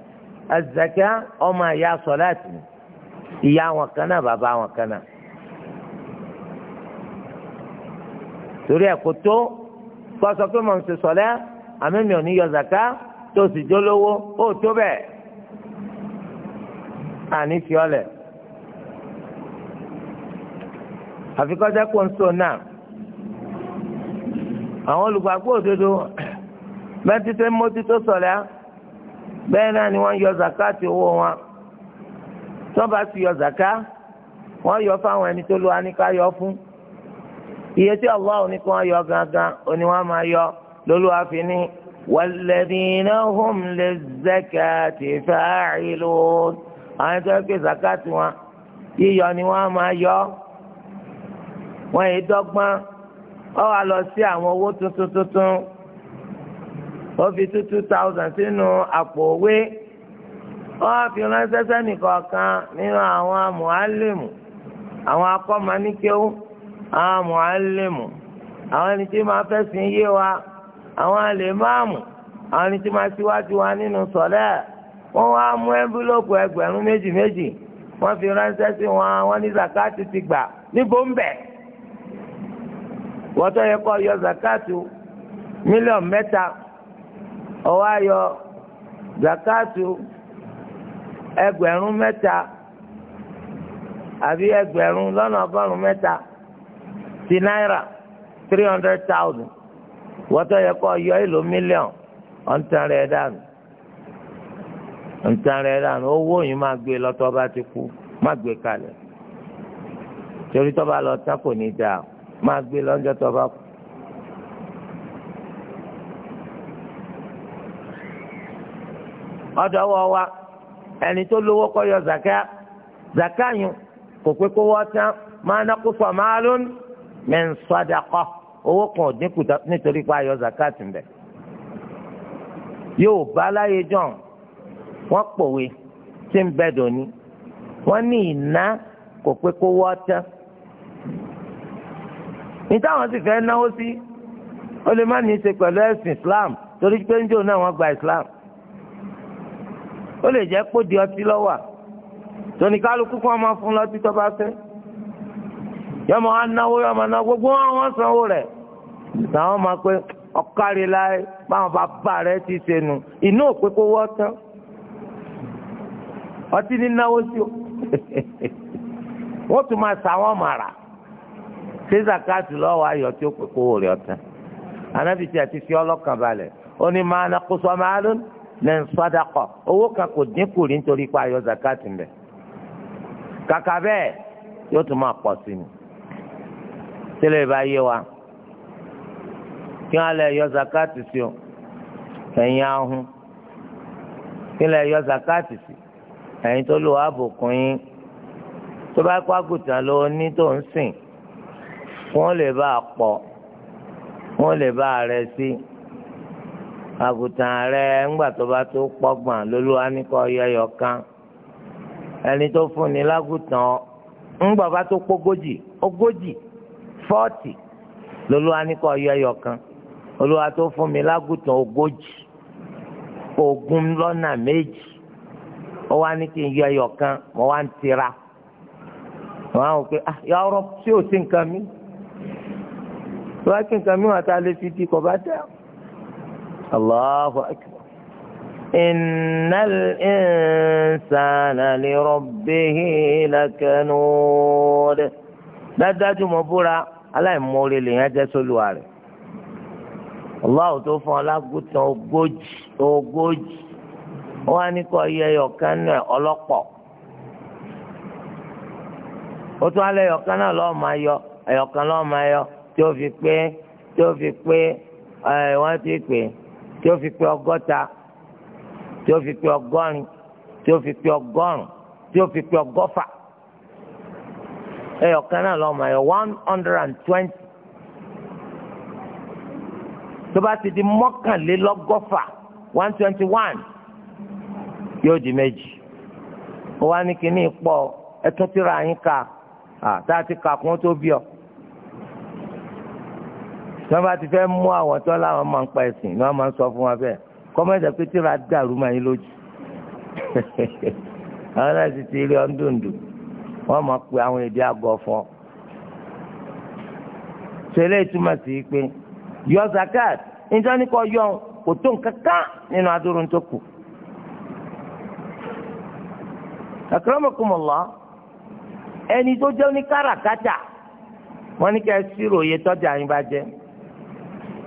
S1: az-zaka ọmọ ìyá sọ̀láàtì ìyá wọn kan náà bàbá wọn kan náà. torí ẹ̀ kò tó kó sọ pé mò ń ṣe sọ̀lẹ́ àmì mi ò ní yọ zaka tó sì jólówó ó tó bẹ́ẹ̀ àní fiọ́lẹ̀ àfikọ́jẹ́ kó ń so náà àwọn olùgbàgbọ́ òdodo bẹ́ẹ̀ ti ṣe mójútó sọ̀rọ̀ á bẹ́ẹ̀ náà ni wọ́n yọ zaka ti owó wọn tọ́ba sì yọ zaka wọ́n yọ fáwọn ẹni tó lu aníká yọ fún iye tí Allah ò ní kí wọ́n yọ gangan òní wọ́n máa yọ lólúwa fi ní walladhina hum lizzakati fa'ilun àwọn tó ń pè zaka tiwọn yíyọ ni wọ́n máa yọ wọ́n yìí dọ́gbọ́n ọ wà lọ sí àwọn owó tuntun tuntun. ó fi tú two thousand sínú àpò òwe wọ́n fi ránṣẹ́ sẹ́nìkọ̀ọ̀kan nínú àwọn mùálìmù àwọn akọ́mọ̀nìkéwù àwọn mùálìmù àwọn ẹni tí máa fẹ́sìn yé wa àwọn àlèmáàmù àwọn ẹni tí máa síwájú wa nínú sọ̀lẹ́ wọ́n wá mú ẹ́ńbílòpù ẹgbẹ̀rún méjì méjì wọ́n fi ránṣẹ́ sí wọn wọ́n ní zakati ti gbà níbo ń wọ́n tó yẹ kó yọ zakati mílíọ̀nù mẹ́ta ọwọ́ ayọ zakatu ẹgbẹ̀rún mẹ́ta àbí ẹgbẹ̀rún lọ́nà ọgọrùn mẹta ti náírà three hundred thousand wọtọ yẹ yọ èlò mílíọ̀n ọ̀ǹtàn rẹ̀ dànù ọ̀ǹtàn rẹ̀ dànù owó yìí máa gbé lọ́tọ́ bá ti kú ma gbé kalẹ torí tọba lọ tán kò ní dáa máa gbé lọ́jọ́ ọ̀dọ̀ wọ wa ẹni tó lówó kó yọ zaka zaka yun kò pé kó wọ́n tán máa ná kó sọ máa ló ń mẹ́ ń sọ́dà kọ́ owó kan ò dínkù nítorí pé ayọ̀ zaka ti bẹ̀. yóò bá láyé jọ̀n wọ́n pòwe tí ń bẹ dòní wọ́n ní ìná kò pé kó wọ́n tán ní táwọn sì fẹ́ náwó sí ó lè má ní í ṣe pẹ̀lú ẹ̀sìn Islam torí pé ń jò náà wọ́n gba Islam ó lè jẹ́ kó di ọtí lọ́wọ́ tóní kálukú kó ọmọ fún lọ́tí tó bá fẹ́ yọmọ anáwó yọmọ náà gbogbo wọn wọn sanwó rẹ̀ làwọn máa pé ọ̀kárí láyé báwọn bàbá rẹ̀ ti ṣe nù inú òpè kó wọ́ tán ọtí ní náwó sí o wọ́n tún máa sa wọ́n máa rà ṣéṣà káàtì lọ́wọ́ ayọ̀ tí ó pè kó wò rẹ̀ ọ̀tán anábìtì àti fi ọlọ́kàn balẹ̀ ó ní máa nakóso máa lónìí min sadaqa owó kan kò dínkù rí nítorí pé ayọ̀ zakat ń bẹ kàkà bẹ́ẹ̀ yóò tún máa pọ̀ sí ni tẹ́lẹ̀ bá yé wa kí wọ́n lè yọ zakat sí o ẹ̀yin ahun kí lè yọ zakat sí ẹ̀yin tó lò wá bùkún yín tó bá kó àgùntàn lọ ní tó ń sìn wọ́n lè bá a pọ̀ wọ́n lè bá a rẹ sí. Si àgùntàn rẹ ńgbà tó bá tó pọ́gbọ̀n lolúwa ní kó yọyọ kan ẹni tó fún ni lágùntàn ńgbà bá tó pọ́gójì ogójì fọ́ọ̀tì lolúwa ní kó yọyọ kan olúwa tó fún mi lágùntàn ogójì ogún lọ́nà méjì ó wá ní kí n yọyọ kan mo wá ń tira wọn á wò pé ah yà ọ̀rọ̀ tí ò sí nǹkan mi wọn á kí nǹkan mi wọn àti alẹ́ fi di kọ̀ bá dẹ́ Allahu akbar. إن الإنسان لربه لكنود dájú mo búra aláìmoore lèèyàn jẹ́ sólùwà rẹ̀ O tó fún ọlágùtàn ogójì ogójì wọn á ní kó yẹ ẹyọkan náà ọlọ́pọ̀ ó tún alẹ́ ẹyọkan náà lọ́ọ́ tí tí ó fi pé ọgọ́ta tí ó fi pé ọgọ́rin tí ó fi pé ọgọ́rùn tí ó fi pé ọgọ́fà ẹyọ kan náà lọ́mọ ẹ̀yọ one hundred and twenty tó bá ti di mọ́kànlélọ́gọ́fà one twenty one yóò di méjì ó wá ní kíní pọ̀ ẹ tún tíra yín ká tá a ti kà kún tó bí ọ tí wọ́n bá ti fẹ́ mú àwọn tó láwọn máa ń pa ẹ̀sìn ni wọ́n máa ń sọ fún wa bẹ́ẹ̀ kọ́mẹ́tà pé tí ra dàrú máa yín lójú àwọn náà ti ti rí ọ́ndùndù wọ́n máa pe àwọn èdè àgọ́ fún ọ. ṣẹlẹ̀ ìtumọ̀ sí pé yọ zakat níjọ́ ní kò yọ kò tó nǹkan kan nínú adúrú tó kù. akramakumullah ẹni tó jẹ́ oníkàràkátà wọ́n ní kẹ́ ẹ sírò iye tọ́jà yín bá jẹ́.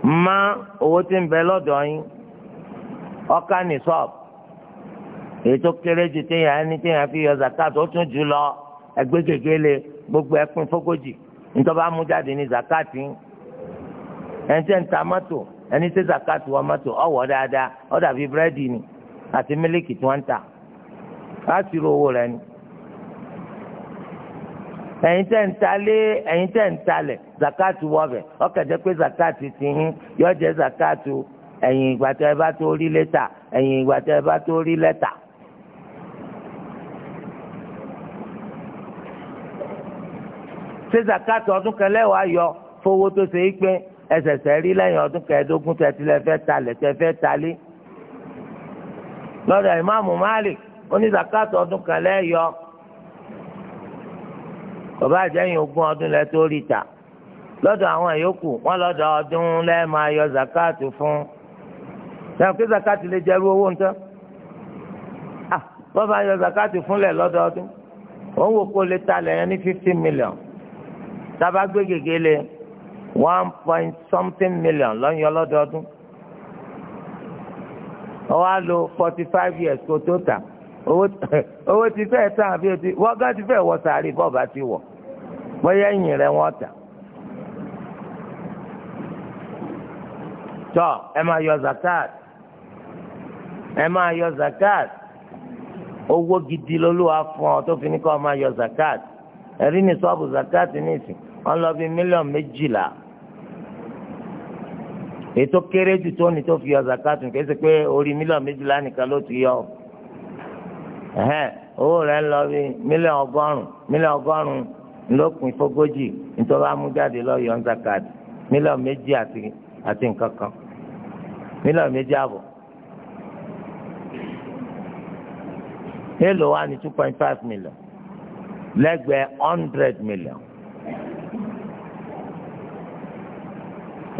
S1: ma owó tí ń bẹ lọ́dọ̀ yín ọkà ní èyí tó ju téèyàn téèyàn fi yọ zakat ó tún jù gbogbo ẹpin fógójì nítorí bá mú jáde ní zakat yín ẹni tẹ́ ń ta mọ́tò ẹni tẹ́ zakat wọ mọ́tò ọ̀wọ́ dáadáa búrẹ́dì ni àti mílíkì tí wọ́n ń ro owó rẹ ẹ̀yin tẹ́ n talé ẹ̀yin tẹ́ ń talẹ̀ zakatu wọbẹ̀ pé zakatu ti yọ jẹ zakatu ẹyin ìgbà tẹ́ ẹ bá tó rí lẹ́tà ẹ̀yin ìgbà tẹ́ ẹ bá tó rí ṣé zakatu ọdún kan yọ fowó tó ṣe é pé ẹsẹ̀sẹ̀ rí lẹ́yìn ọdún kẹẹ̀ẹ́dógún tẹ̀tí lẹ fẹ́ talẹ̀ tẹ fẹ́ zakatu ọdún kan lẹ́yọ bàbá àjẹyìn ogún ọdún lẹ tó rí ta lọ́dọ̀ àwọn ìyókù wọn lọ́dọ̀ ọdún lẹ máa yọ zakatu fún sẹ́wọ̀n kí zakatu lè jẹ́rú owó nǹkan ah, wọ́n bá yọ zakatu fúnlẹ̀ lọ́dọọdún wọ́n wò kó lè talẹ̀ yẹn ní fifteen million sábà gbé gègé lé one point something million lọ́yọ̀ lọ́dọọdún wọ́n á lo forty five years kó tó tà. owó ti fẹ́ tán àbí o ti wọ́n gán ti fẹ́ wọ sàárì bọ́ọ̀bá ti wọ̀ bóyá ẹ̀yìn rẹ̀ wọ́n tà. tọ́ ẹ máa yọ zakat ẹ máa yọ zakat owó gidi lolúwa fún ọ tó fi ní kọ́ ọ máa yọ zakat ẹ̀rí ni sọ́ọ̀bù zakat nìsín wọ́n lọ bí mílíọ̀nù méjìlá ètò kéré jù tó ní tó fi yọ zakat nke í pe pé orí mílíọ̀nù méjìlá nìkan ló ti yọ ẹ̀hẹ́n owó rẹ̀ ń lọ bí mílíọ̀n ọgọ́rùn-ún mílíọ̀n ọgọ́rùn-ún lópin fógójì nítorí amújáde lọ́yọ̀ ń zakat mílíọ̀n méjì àti àti nǹkan kan mílíọ̀n méjì àbọ̀. èèlò wa ni two point five million lẹ́gbẹ̀ẹ́ hundred million.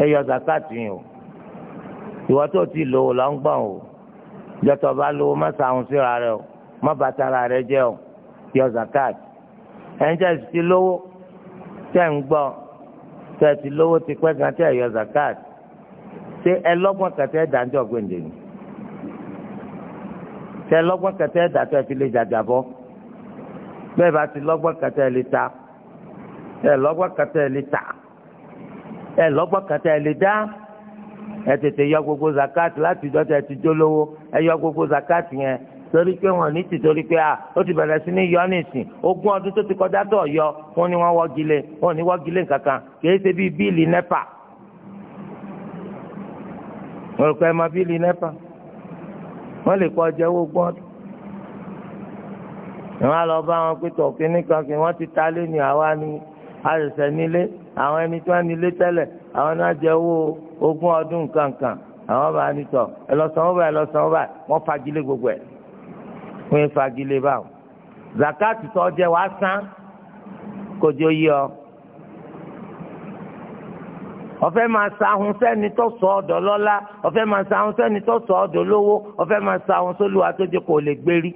S1: ẹ yọ zakat yìí o ìwọ tó ti lò ó lọ ń gbọ̀n o ìjọ bá lò ó má síra rẹ o má bàtà ara rẹ jẹ́ o yọ zakat ẹnjẹ ti lówó tẹ ń gbọ́ tẹ ti lówó ti pẹ́ gan tẹ yọ zakat ṣé ẹ kẹtẹ dáńjọ gbèǹde ni tẹ lọ́gbọ́n kẹtẹ dàtọ fi lè jàjàbọ bẹ́ẹ̀ bá ti lọ́gbọ́n kẹtẹ lè ta ẹ lọ́gbọ́n kẹtẹ lè ta ẹ lọ́gbọ́n kẹtẹ lè dá ẹ tètè yọ gbogbo zakat láti jọ tẹ ti jó lówó ẹ yọ gbogbo zakat yẹn torí pé wọn ní ti torí pé a ó ti bẹ̀rẹ̀ sí ní yọ nísìn ogún ọdún tó ti kọjá tó yọ wọn ni wọn wọ́gilé wọn ni wọ́gilé kankan kìí ṣe bíi bíìlì nẹ́pà wọn kọ́ ẹ ma bíìlì nẹ́pà wọn lè kọ́ ọjà owó ogún ọdún wọn á lọ bá wọn pé tọ̀ kíní kí wọ́n ti ta lé ní àwa ni àṣẹṣẹ nílé àwọn ẹni tí wọ́n nílé tẹ́lẹ̀ àwọn náà jẹ owó ogún ọdún kankan àwọn bá ní tọ̀ ẹ lọ sanwó báyìí ẹ lọ sanwó báyìí wọ́n fagilé gbogbo ẹ̀ wọ́n fagilé báwọn zakati tó jẹ́ wàá san kojú yí ọ ọfẹ máa sahun sẹni tó sọ ọdọ lọla ọfẹ máa sahun sẹni tó sọ ọdọ lówó ọfẹ máa sahun sólùwà tó jẹ kó lè gbérí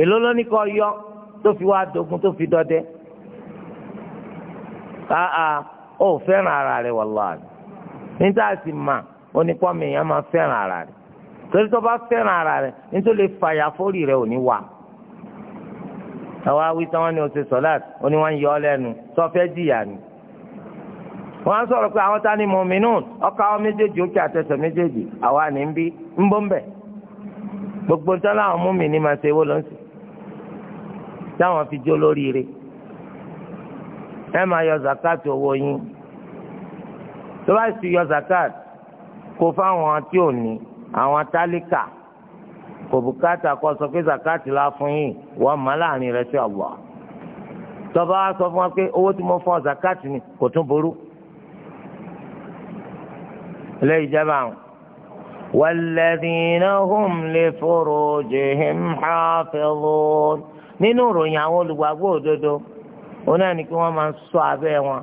S1: èló ló ní kọ yọ tó fi wá dogun tó fi dọdẹ aa ó fẹ́ràn ara rẹ̀ wàláhì níta sì mà onípọ́nmi yẹn máa fẹ́ràn ara rẹ̀ torí tó bá fẹ́ràn ara rẹ̀ nítorí fàyà fórì rẹ̀ ò ní wà àwọn awí tí wọ́n ní o ṣe sọ́láàt ó ní wọ́n yọ ọ lẹ́nu tó fẹ́ jìyà ni wọ́n á sọ̀rọ̀ pé àwọn tani mọ̀mínú ọkọ̀ àwọn méjèèjì òkè àtẹ̀sẹ̀ méjèèjì àwa ni ń bí ń bọ́ ń bẹ̀ gbogbo ń tán láwọn mú mi ní màá ṣe owó lọ́sì táwọn fi jó lóríire ẹ máa yọ zakat owó yín tó bá sì yọ zakat kó fáwọn tí ò ní àwọn tálíkà kò bùkátà kọ sọ pé zakati la fún yín wọn mọ láàrin rẹ sí ọ̀wọ́ tọba wa sọ fún wa pé owó tí mo fún ọ zakati ni kò tún burú eléyìí jẹ́ báwọn. والذين هم لفروجهم حافظون nínú ìròyìn àwọn olùgbàgbọ́ òdodo òun náà kí wọ́n máa ṣọ́ abẹ́ wọn.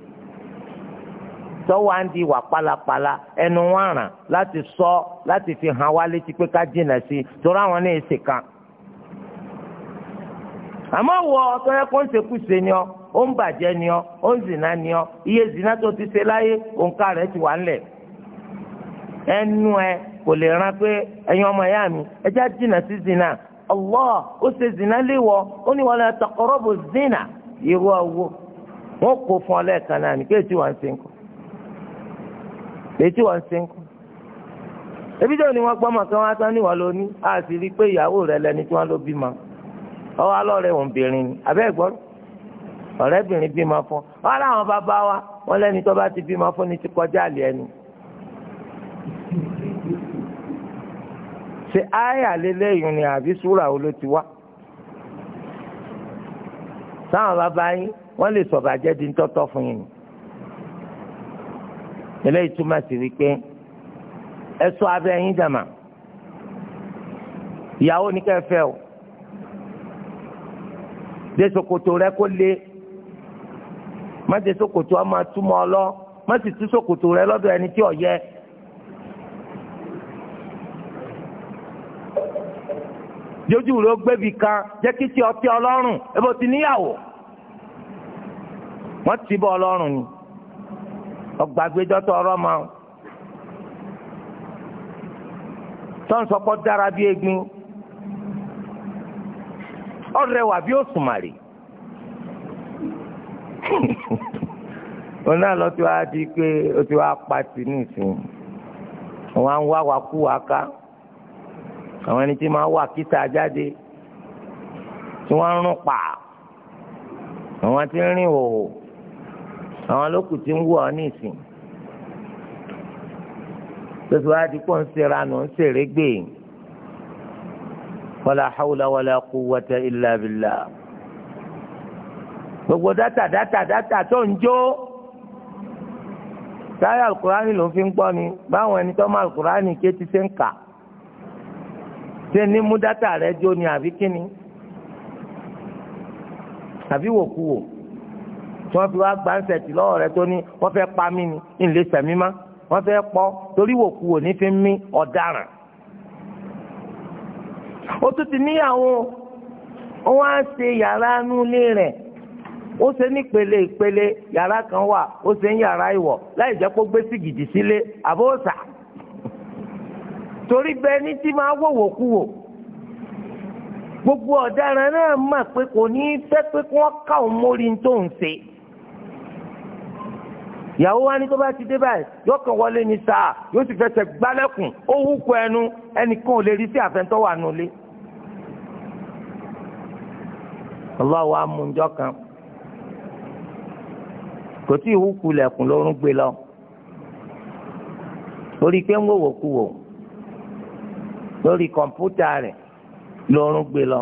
S1: tọ́wọ́ à ń di ìwà pálapàla ẹnu wọn láti sọ láti fi hàn wá létí pé ká jìnà sí i ese àwọn ní èsì kan. àmọ́ wọ ọ̀tọ́ yẹ kó ń ṣekúṣe ni ọ́ ó ń bàjẹ́ ni ọ́ ó ń zìnà ni ọ́ iye zìnà tó ti ṣe láyé òǹkà rẹ̀ ti wà ńlẹ̀. ẹnu ẹ kò lè ran pé ẹ̀yin ọmọ ìyá mi ẹ jìnà sí zìnà Allah ó ṣe zìnà léwọ ó ní wala taqrabu zìnà irú ọwọ́ wọn kò fún ọ èyí tí wọ́n ń sìnkú ebi tí wọn ni wọn gbọ́ ọmọ kan wá sán níwọ̀ lóní a sì rí i pé ìyàwó rẹ lẹni tí wọn ló bímọ ọwọ́ alọ́ọ̀rẹ́ òun bìnrin ni abẹ́ ìgbọ́rọ̀ ọ̀rẹ́bìnrin bímọ fún wọn láwọn bàbá wa wọn lẹ́ni tó bá ti bímọ fún ni ti kọjá àlẹ́ ẹni. ṣe àyà lélẹ́yìn ni àbí súrà wo ló ti wá sáwọn bàbá yín wọ́n lè sọ̀bàjẹ́ di ń tọ́tọ́ fún yín ni eléyìí túmọ̀ sí wípé ẹ ṣọ́ abẹ́ yín jàmà ìyàwó ní kẹfẹ́ o dé ṣòkòtò rẹ kó lé má dé ṣòkòtò ọmọ túmọ̀ ọ lọ má sì tú ṣòkòtò rẹ lọ́dọ̀ ẹni tí ò yẹ. jójú rẹ ó gbébi kan jẹ́ kí tí ọtí ọlọ́run ẹ bó ti níyàwó wọ́n ti bọ́ ọlọ́run ni ọgbàgbéjọ́ tó ma o tọ́nsọ̀kọ́ dára bí egbin ọ̀rẹ́wà bí òṣùmàrè oná lọ tí wàá di pé o ti wàá pati ní ìsìn wọn ń wá wa kú wa ká àwọn ẹni tí máa wà kíta jáde tí wọ́n ń rún pa àwọn tí ń rìn òhò àwọn lókù tí ń wù ọ ní ìsìn tòtò àdìpọ̀ ń ṣe ranù ń ṣèrè gbè wàlà hàwùlà wàlà kú wàtà ìlà bìlà gbogbo dátà dátà dátà tó ń jó táyà alukurani ló fi ń gbọ́ ni báwọn ẹni tó mọ alukurani ké ti ṣe ń kà ṣe ní mú dátà rẹ jó ni àbí kíni àbí wòkúwò tí wọ́n fi wá gbáǹsẹ̀tì lọ́wọ́ rẹ tó ní wọ́n fẹ́ pa mí ni ìlẹ̀ sẹ̀mí má wọ́n fẹ́ pọ́ torí wòkú wò ní fi mí ọ̀daràn. ó tún ti níyàwó ó wá ṣe yàrá nulẹ̀ rẹ̀ ó ṣe nípele ìpele yàrá kan wà ó ṣe ń yàrá ìwọ̀ láì jẹ́ kó gbé sìgìdì sílé àbóòsà torí bẹ́ẹ̀ ní tí máa wòwò kú wò gbogbo ọ̀daràn náà mọ̀ pé kò ní í fẹ́ pé kí wọ́n ká òun mórí tó ń ṣe ìyàwó wa ni tó bá ti dé báyìí yóò kàn wọlé ní sáà yóò ti fẹsẹ̀ gbálẹ̀kùn ó húkọ ẹnu ẹnìkan ò lè rí sí àfẹ́ntọ́ wà nulẹ̀. ọlọ́wọ́ amúnjọ kan kò tí ì húkú lẹ̀kùn lórún gbé lọ lórí pé ń wòwò kú wò lórí kọ̀ǹpútà rẹ̀ lórún gbé lọ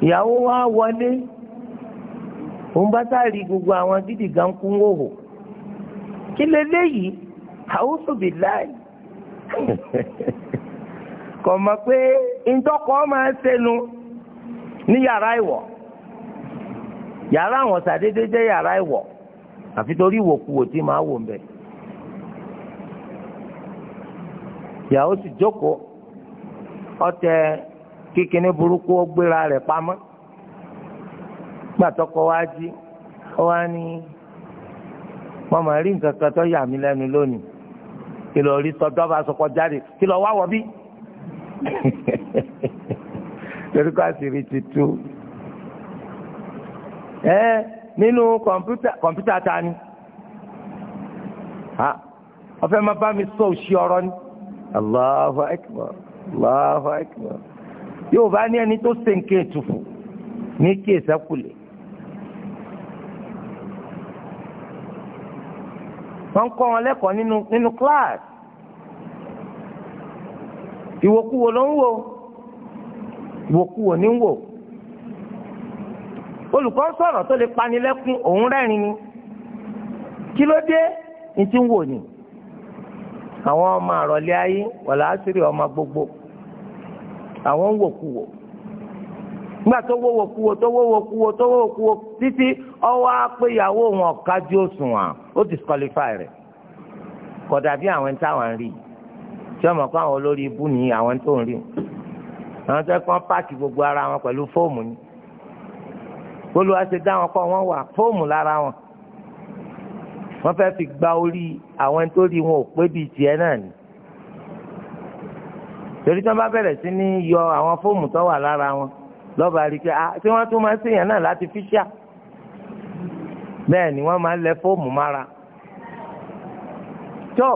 S1: ìyàwó wa wọlé. òun bá sáàrí gbogbo àwọn dídì gan kún wòhò kí leléyìí àwòsùbìláì kò mọ̀ pé ntọ́kọ̀ máa ń sẹnu ní yàrá ìwọ̀ yàrá àwọn sàdédé jẹ́ yàrá ìwọ̀ àfi torí ìwòkuwò tí màá wò mbẹ. ìyàwó sì jókòó ọtẹ kíkiní burúkú ó gbéra pamọ́. gbàtọ́kọ wá jí ó wá ní wọ́n máa rí nǹkan kan tó yà mí lẹ́nu lónìí kí lọ rí tọ́jú ọba sọkọ jáde kí lọ wá wọ bí. torí ká sì rí títú. ẹ nínú kọ̀ǹpútà kọ̀ǹpútà ta ni ọfẹ máa bá mi sọ òṣì ọ̀rọ̀ ni Allahu Akbar Allahu Akbar yóò bá ní ẹni tó ṣe nǹkan ètùfù ní kí èsà kulè wọ́n ń kọ́ wọn lẹ́kọ̀ọ́ nínú nínú class ìwòkuwò ló ń wò ìwòkuwò ní ń wò olùkọ́ sọ̀rọ̀ tó lè pani lẹ́kún òun rẹ́rìn ni kí ló dé ní ti ń wò ni àwọn ọmọ àròlé ayé wọ̀lá àṣírí ọmọ gbogbo àwọn ń wòkuwò nígbà tó wọ́wọ́ kuwo tó wọ́wọ́ kuwo tó wọ́wọ́ kuwo títí ọwọ́ apéyàwó wọn kájú òṣùwọ̀n ó disqualify rẹ̀ kódà bí àwọn táwọn ń rí tí wọ́n mọ̀ pé àwọn olórí ibú ni àwọn tó ń rí àwọn tó ń kọ́ páàkì gbogbo ara wọn pẹ̀lú fóòmù ni olùwà ṣe dá wọn kọ́ wọn wà fóòmù lára wọn wọ́n fẹ́ fi gba orí àwọn tó rí wọn ò pé bíi tiẹ̀ náà ni torí tí wọ́n bá bẹ̀rẹ̀ sí ní yọ àwọn fóòmù tó wà lára wọn lọ́ba rí i pé tí ah, wọ́n tún máa ń ṣèyàn náà láti fíṣà. bẹ́ẹ̀ ni wọ́n máa ń lẹ fóòmù mára tó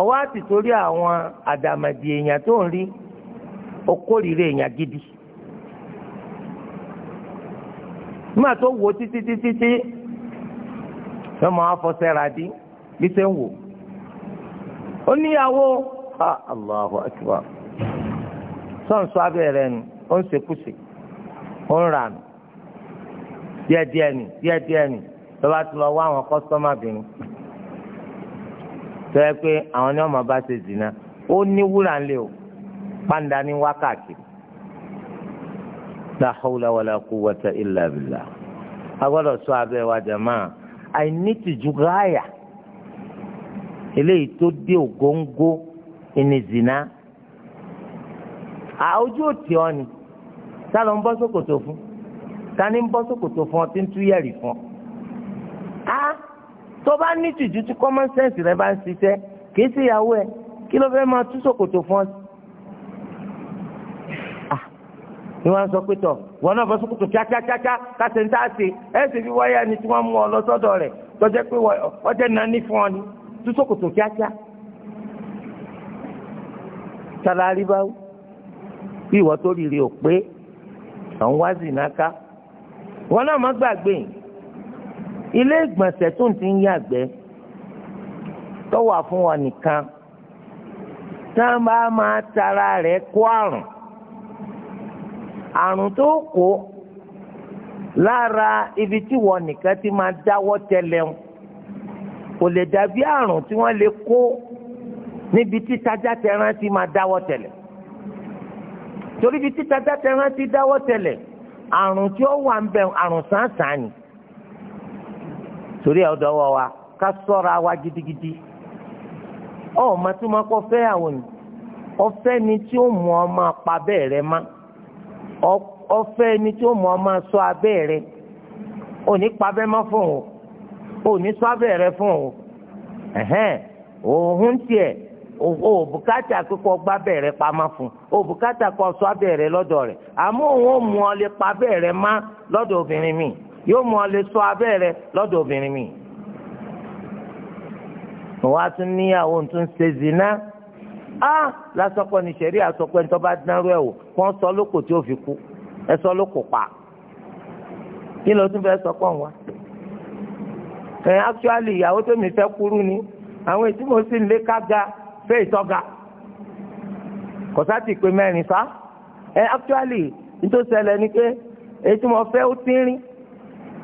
S1: ọwọ́ àti torí àwọn àdàmàdì èèyàn tó ń rí okórìíra èèyàn gidi nígbà tó wò títí títí tí wọ́n máa fọṣẹ́ ra dí bí ṣe ń wò ó níyàwó Allahu akbar sọ̀nsọ́ abẹ́rẹ́ nu ó ń ṣekúṣe ó ń rà nù díẹ̀díẹ̀ nì díẹ̀díẹ̀ nì tọ́ba ti lọ wá àwọn kọ́sítọ́mà bìnrin tó yẹ pé àwọn ni wọ́n bá ṣe zina ó ní wúrà ńlẹ̀ o pàǹdà ní wákàtí la hawla wala quwwata illa billah a gbọ́dọ̀ sọ abẹ́ wa jàmá àìnítìjú gáàyà eléyìí tó dé ògóńgó ìní zina àwùjọ òtí ọ ni sálọ ń bọ́ sókòtò fún ta ni ń bọ́ sókòtò fún ọ tí ń tú yẹ̀rì fún ọ tó bá ní tìjú tí common sense rẹ bá ń ṣiṣẹ́ kìí sí ìyàwó ẹ kí ló fẹ́ máa tú ṣòkòtò fún ọ. Ah, ni wọ́n sọ pé tọ̀ wọn náà bọ́ ṣòkòtò kíákíákíá káṣẹ ń tàṣe ẹ sì fi wáyà ni tí wọ́n mú ọ lọ sọ́dọ̀ rẹ̀ tọ́jẹ́ pé ọjẹ́ náà ní fún ọ ni tú ṣòkòtò kíákíá. tàlàrí bá wú bí ìwọ tó rírì ò pé àwọn wá zìnnáká wọn náà má gbàgbé yìí ilé ìgbọ̀nsẹ̀ tó ń ti ń yàgbẹ́ tó wà fún wọn nìkan tá a bá máa tara rẹ̀ kó àrùn àrùn tó kó lára ibi tí wọn nìkan ti máa dáwọ́ tẹ́lẹ̀ ń kò lè dàbí àrùn tí wọ́n lè kó níbi tí tajà tẹran ti máa dáwọ́ ibi tí tẹran ti dáwọ́ àrùn tí ó wà ń àrùn ni. torí ẹ̀ ọ̀dọ́wọ́ wa ká wa gidigidi ọ̀ ma tún máa kọ́ fẹ́ àwọn ni ọ̀fẹ́ ni tí ó mú ọ máa pa bẹ́ẹ̀ rẹ má ọ̀fẹ́ ni tí ọ máa sọ abẹ́ rẹ òní pa bẹ́ẹ̀ má fún o ní sọ abẹ́ rẹ fún o ẹ̀hẹ́n òun tiẹ̀ o fún o bùkátà sọ lọ́dọ̀ àmọ́ yóò mọ lè sọ abẹ́ rẹ lọ́dọ̀ obìnrin mi. wọ́n á tún níyàwó tún ṣe zina á lásọpọ̀ ní sẹ̀rí àsọpọ̀ ní tó dánrú ẹ̀ wò sọ lóko tí ó fi kú ẹ sọ lóko pa kí ló tún fẹ́ sọ actually ìyàwó tó mi ni àwọn ètí mo sì ń lé kága fẹ́ ìtọ́ga kò sá ti mẹ́rin actually pé mo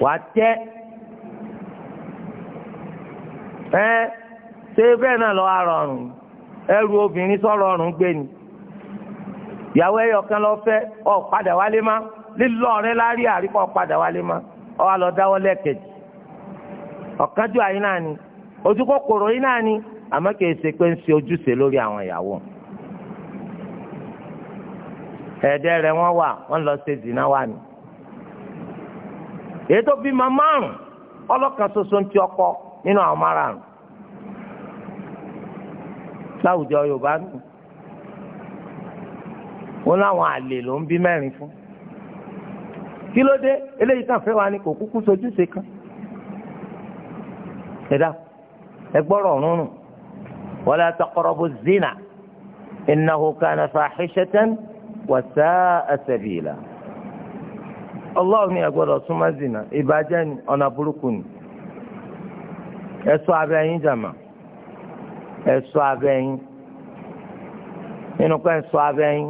S1: wà á tẹ́ ẹ ṣé bẹ́ẹ̀ náà lọ́ọ́ arọ̀rùn ẹrù obìnrin sọ̀rọ̀ ọ̀rùn gbé ni ìyàwó ẹyọkan lọ fẹ́ ọ padà wálé má lílọ rẹ lárí àríkọ padà wálé má ọ wà lọ dáwọ́ àyín náà ni ojú kòkòrò yín náà ni ṣe pé ń ṣe ojúṣe lórí àwọn ìyàwó lọ ṣe wà èyí tó bí ma márùn ọlọ́kan ṣoṣo ń ti ọkọ nínú àwọn márùn láwùjọ Yorùbá nù wọn láwọn àlè ló ń bí mẹ́rin fún kí ló dé eléyìí kan fẹ́ wa ni kò kúkú sojúṣe kan ẹ̀dá ẹgbọ́rọ̀ ọ̀rùnrùn wala taqrabu zina innahu kana fahishatan wa sa'a sabila. Allah ní ẹ̀gbọ́dọ̀ súnmọ́ zina ìbàjẹ́ ni ọ̀nà burúkú ni ẹ̀sọ́ abẹ́ yín jàmà ẹ̀sọ́ abẹ́ yín nínú pé ẹ̀sọ́ abẹ́ yín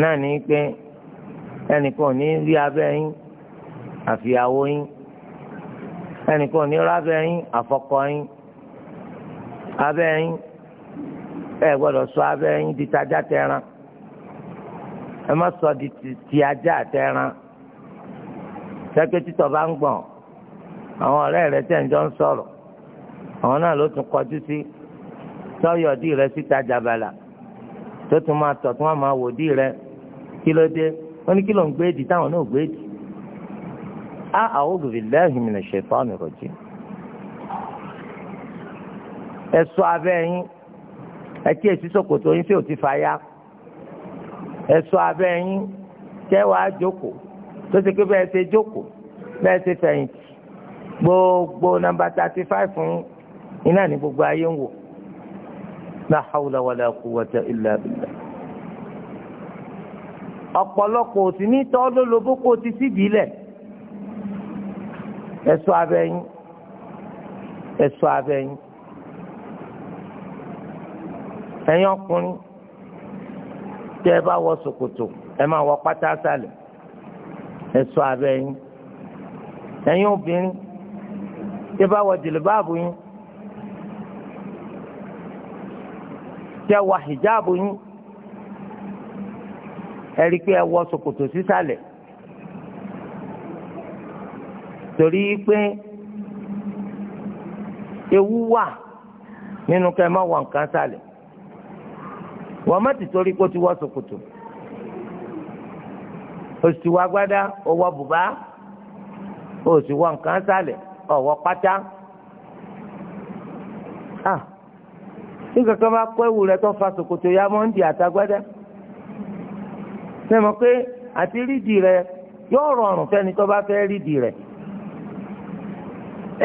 S1: náà ní pé ẹnìkan ò ní rí abẹ́ yín àfìyàwó yín ẹnìkan ní rí abẹ́ yín àfọkọ yín abẹ́ yín ẹ̀ gbọ́dọ̀ sọ abẹ́ yín di tajà tẹran ẹ má sọ di ti ajá àtẹran sẹkẹtìtọ bá ń gbọ̀n àwọn ọ̀rẹ́ rẹ tẹnjọ ń sọ̀rọ̀ àwọn náà ló tún kọjú sí sọyọdí rẹ síta jàbàlà tó tún máa tọ̀ tí máa wò dí rẹ kí ló dé wọ́n ní kí ló ń gbé èdì táwọn náà gbé èdì. a a'udhu billahi minash shaitani rajim. ẹ sọ abẹ́ yín ẹ èsì ṣòkòtò yín sí òtí fàyà ẹ̀sọ́ abẹ́ yín kẹwàá jókòó tó ti pé bẹ́ẹ̀ ṣe jókòó bẹ́ẹ̀ ṣe fẹ̀yìntì gbogbo nọ́mbà thirty five fún yín iná ní gbogbo ayé ń wò la hawla wala quwwata illa billah ọ̀pọ̀lọpọ̀ òsì ní tọ́lọ́ lobó kó ti síbi lẹ̀ ẹ̀sọ́ abẹ́yìn ẹ̀sọ́ abẹ́yìn ẹ̀yin ọkùnrin tẹ́ ẹ bá wọ ṣòkòtò ẹ máa wọ pátá sálẹ̀ ẹ sọ abẹ́ yín ẹ̀yin obìnrin tẹ́ bá wọ jìlìbáàbù yín tẹ́ wọ hìjáàbù yín ẹ rí i pé ẹ wọ ṣòkòtò sísàlẹ̀ torí pé ewu wà nínú kẹ́ ẹ má wọ nǹkan sálẹ̀ wọ́n má ti torí kó ti wọ́ ṣòkòtò òsì wọ agbádá ọwọ́ bùbá òsì wọ nǹkan sálẹ̀ ọwọ́ pátá ah tí kankan bá kọ́ ewu rẹ tó fa ṣòkòtò ya mọ́ ń di àtàgbádá sẹ́mi pé àti rídìí rẹ yóò rọrùn fẹ́ni tó bá fẹ́ rídìí rẹ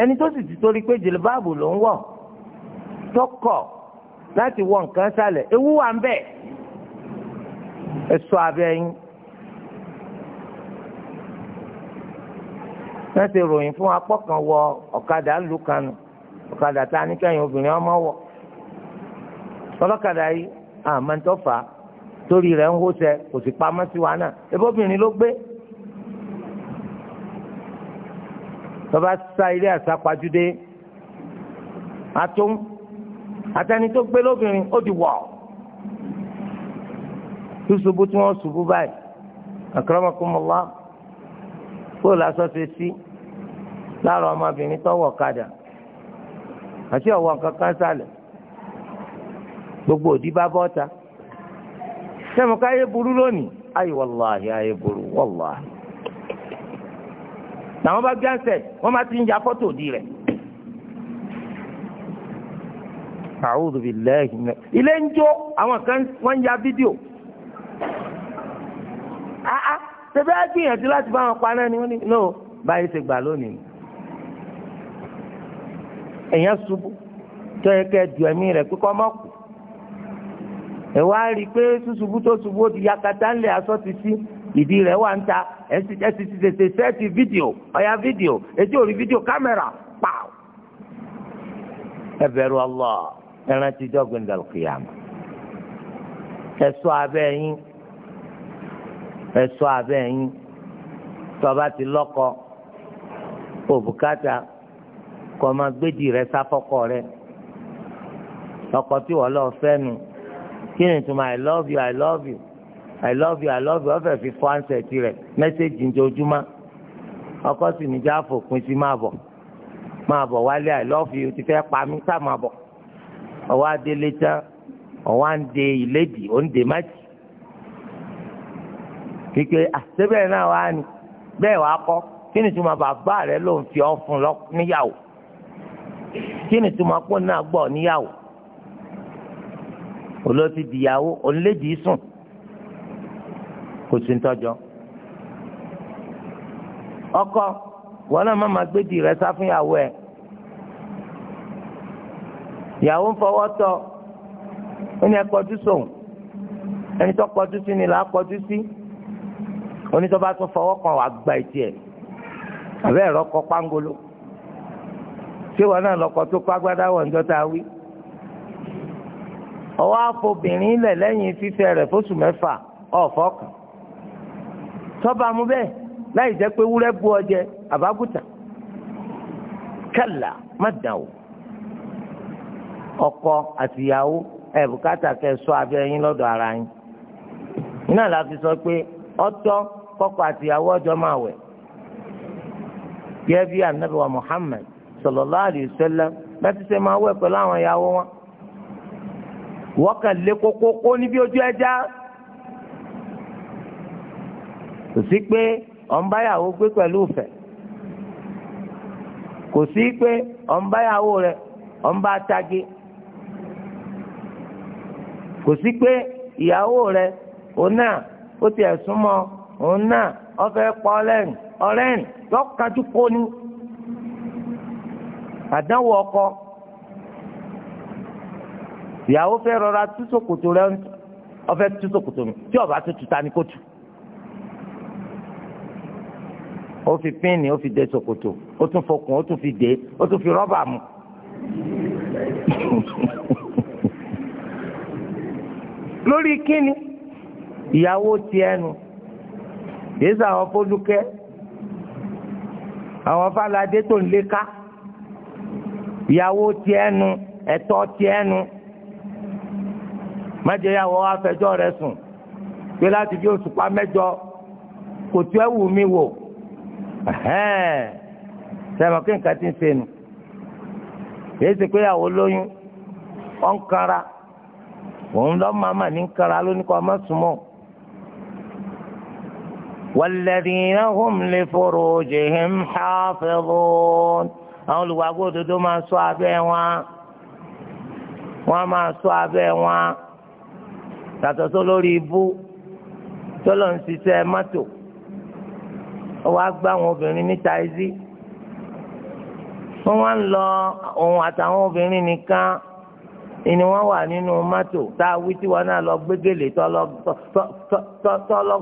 S1: ẹni tó sì ti torí pé jìlìbáàbù ló ń wọ̀ tó kọ̀ láti wọ nǹkan sálẹ̀ ewu wà ń bẹ̀ ẹ sọ abẹ́ ròyìn fún apọ́ kan wọ ọ̀kadà ńlù kan nù ọ̀kadà tá a ní kẹ́yìn obìnrin ọmọ wọ̀ ọlọ́kadà yìí àmọ́ntọ́fà torí rẹ̀ ń hóṣẹ kò sì pamọ́ sí wa náà ebóbìnrin ló gbé tọ́ba sá ilé àsápajúdé atún. àtẹni tó gbé lóbìnrin ó di wọ̀ tó ṣubú tí wọ́n ṣubú báyìí àkàràmọ́kùnmọ́lá kó lásán ṣe sí lára ọmọbìnrin tó kadà àti nǹkan kan gbogbo òdì Bọta, bọ́ta ká ayé burú lónìí ayé wàláhì ayé burú wàláhì làwọn bá gbáǹsẹ̀ wọ́n ti ń ya fọ́tò di rẹ̀. a'udhu billahi ilé ń jó àwọn kan wọ́n ń ya fídíò àá ṣẹbẹ́ gbìyànjú láti bá wọn paná ni wọ́n ní no báyìí gbà lónìí ni èèyàn ṣubú tó kẹ́ du ẹ̀mí rẹ̀ kíkọ́ mọ́ kù ẹ wá rí i pé ṣùṣubú tó ṣubú ó di yakata ńlẹ̀ aṣọ ti sí ìdí rẹ̀ wà ń ta ẹ ti tètè sẹ́ẹ̀tì fídíò ọ̀yà fídíò etí ò fídíò kámẹ́rà pàù ẹ bẹ̀rù ẹran ti dọ́gbìn dàlùkìyàmù ẹ̀ṣọ́ abẹ́ yín ẹ̀ṣọ́ abẹ́ yín tọba ti lọ́kọ òbúkátà kọ́ máa gbédì rẹ sáfọ́kọ rẹ ọkọ tí wọ́n lọ fẹ́ nu kí ni tuma i love you i love you i love you i love you ọ̀fẹ́ fi fọ́ ansẹ̀tì rẹ mẹ́sẹ̀gì njojúmọ́ ọkọ sì ní jáfò pin sí máa bọ̀ máa bọ̀ wálé i love you ti fẹ́ pa mí sá máa bọ̀ ọwọ́ adélé tán ọwọ́ à ń de ìlédì ó ń de májì kíkẹ́ àtẹ́bẹ̀rẹ̀ náà wá ní bẹ́ẹ̀ wá kọ́ kí ni túmọ̀ bàbá rẹ ló ń fi ọ́ fún lọ níyàwó kí ni túmọ̀ pọ́ náà gbọ́ níyàwó olóòtú dìyàwó onílédìí sùn kò sí ntọ́jọ́ ọkọ wọn náà má má gbé di rẹ sá ìyàwó ẹ̀ ìyàwó ń fọwọ́ tọ́ ó ní ẹ kọjú sóun ẹni tó kọjú sí ni là á kọjú sí onítọ́ bá tún fọwọ́ kan wà gba etí ẹ̀ àbẹ́ ẹ̀rọ kọ pangolo ṣé wọn náà lọkọ tó kọ agbádá wọ̀ ń jọta wí. ọwọ́ afọbìnrin lẹ̀ lẹ́yìn fífẹ́ rẹ̀ fóṣù mẹ́fà ọ̀fọ́ tọ́ba mu bẹ́ẹ̀ láì jẹ́ pé wúrẹ́ bu ọjẹ àbágùtà kàlà má dàn o. ọkọ a ẹ bùkátà kẹ́ ṣọ́ abẹ́ yín lọ́dọ̀ ara yín iná la fi sọ pé ọ̀tọ̀ kọ́kọ́ àtìyàwó ọjọ́ máa wẹ̀ yẹ bí anabi wa Muhammad sallallahu alaihi máa wẹ̀ pẹ̀lú àwọn ìyàwó wọn wọ́n kàn lé kókókó níbi ojú ẹja kò sí pé ọ̀nbáyàwó gbé pẹ̀lú ìfẹ́ kò sí pé rẹ̀ kò sí pé ìyàwó rẹ òun náà ó ti ẹ̀sùn mọ́ òun náà ọfẹ́ pọ́ lẹ́rìn ọ̀rẹ́rìn lọ́kàdú kó ní àdánwò ọkọ ìyàwó fẹ́ rọra tú ṣòkòtò rẹ ọfẹ́ tú ṣòkòtò mi tí ọba tó tuta ni kò tù ó fi píìnì ó fi dé ṣòkòtò ó tún fokùn ó tún fi dé ó tún fi rọ́bà mu. lórí kíni ìyàwó ti ẹnu yìí àwọn fọlùkẹ́ àwọn fàlàdé tó ń ká ìyàwó ti ẹnu ẹ̀tọ́ ti ẹnu májèyàwó afẹjọ́ rẹ sùn pé láti fi òṣùpá mẹ́jọ kò tí ẹ wù mí wò sẹ́wọ̀n kí nǹkan ti ń sẹ́nu yìí sọ pé ìyàwó lóyún ọ̀nkara. òun lọ màmá ní kára lónìí kọ́ ọmọ súnmọ́. والذين هم لفروجهم حافظون àwọn olùwàgbọ́ òdodo máa ṣọ́ abẹ́ wọn wọ́n máa ṣọ́ abẹ́ wọn yàtọ̀ tó lórí ibú tó lọ ń ṣiṣẹ́ mọ́tò wọ́n á gbá àwọn obìnrin níta ẹzí wọ́n wá ń lọ òun àtàwọn obìnrin nìkan ni wọ́n wà nínú mọ́tò tá a wí tí wọ́n náà lọ gbégélé tọ́lọ́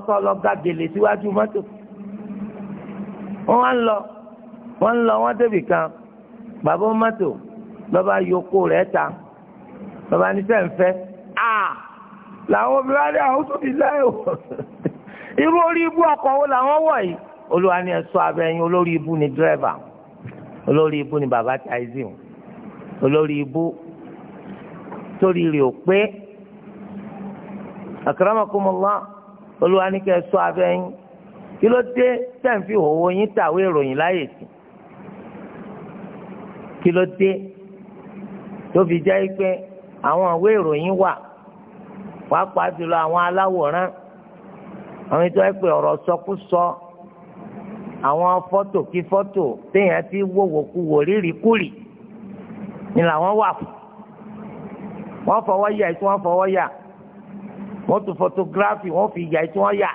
S1: gàgélé síwájú mọ́tò. wọ́n wá ń lọ wọ́n ń lọ wọ́n débì kan bàbá mọ́tò lọ́ba yòókù rẹ̀ ta bàbá ní sẹ́ǹfẹ́ a làwọn obìnrin wa ní àwọn tó ti láyé o irú orí ibú ọkọ̀ wo làwọn wọ̀ yìí olúwa ni ẹ sọ abẹ́yìn olórí ibú ni dírẹ́fà olórí ibú ni bàbá taizim olórí ibú torí rẹ̀ ò pé akramakumullah olúwa ní kẹ́ ẹ ṣọ́ abẹ́ yín kí ló dé tẹ̀ ń fi òwò yín tàwé ìròyìn láyè sí kí ló dé tó fi jẹ́ pé àwọn ìwé ìròyìn wà wàá pàá jùlọ àwọn aláwòrán àwọn ètò ẹ̀pẹ̀ ọ̀rọ̀ sọkúsọ àwọn fọ́tò kí fọ́tò téèyàn ti wòwò kú wò rírì kúrì ni làwọn wà fún wọ́n fọwọ́ yà tí wọ́n fọwọ́ yà wọ́n tún photography wọ́n fi yà tí wọ́n yà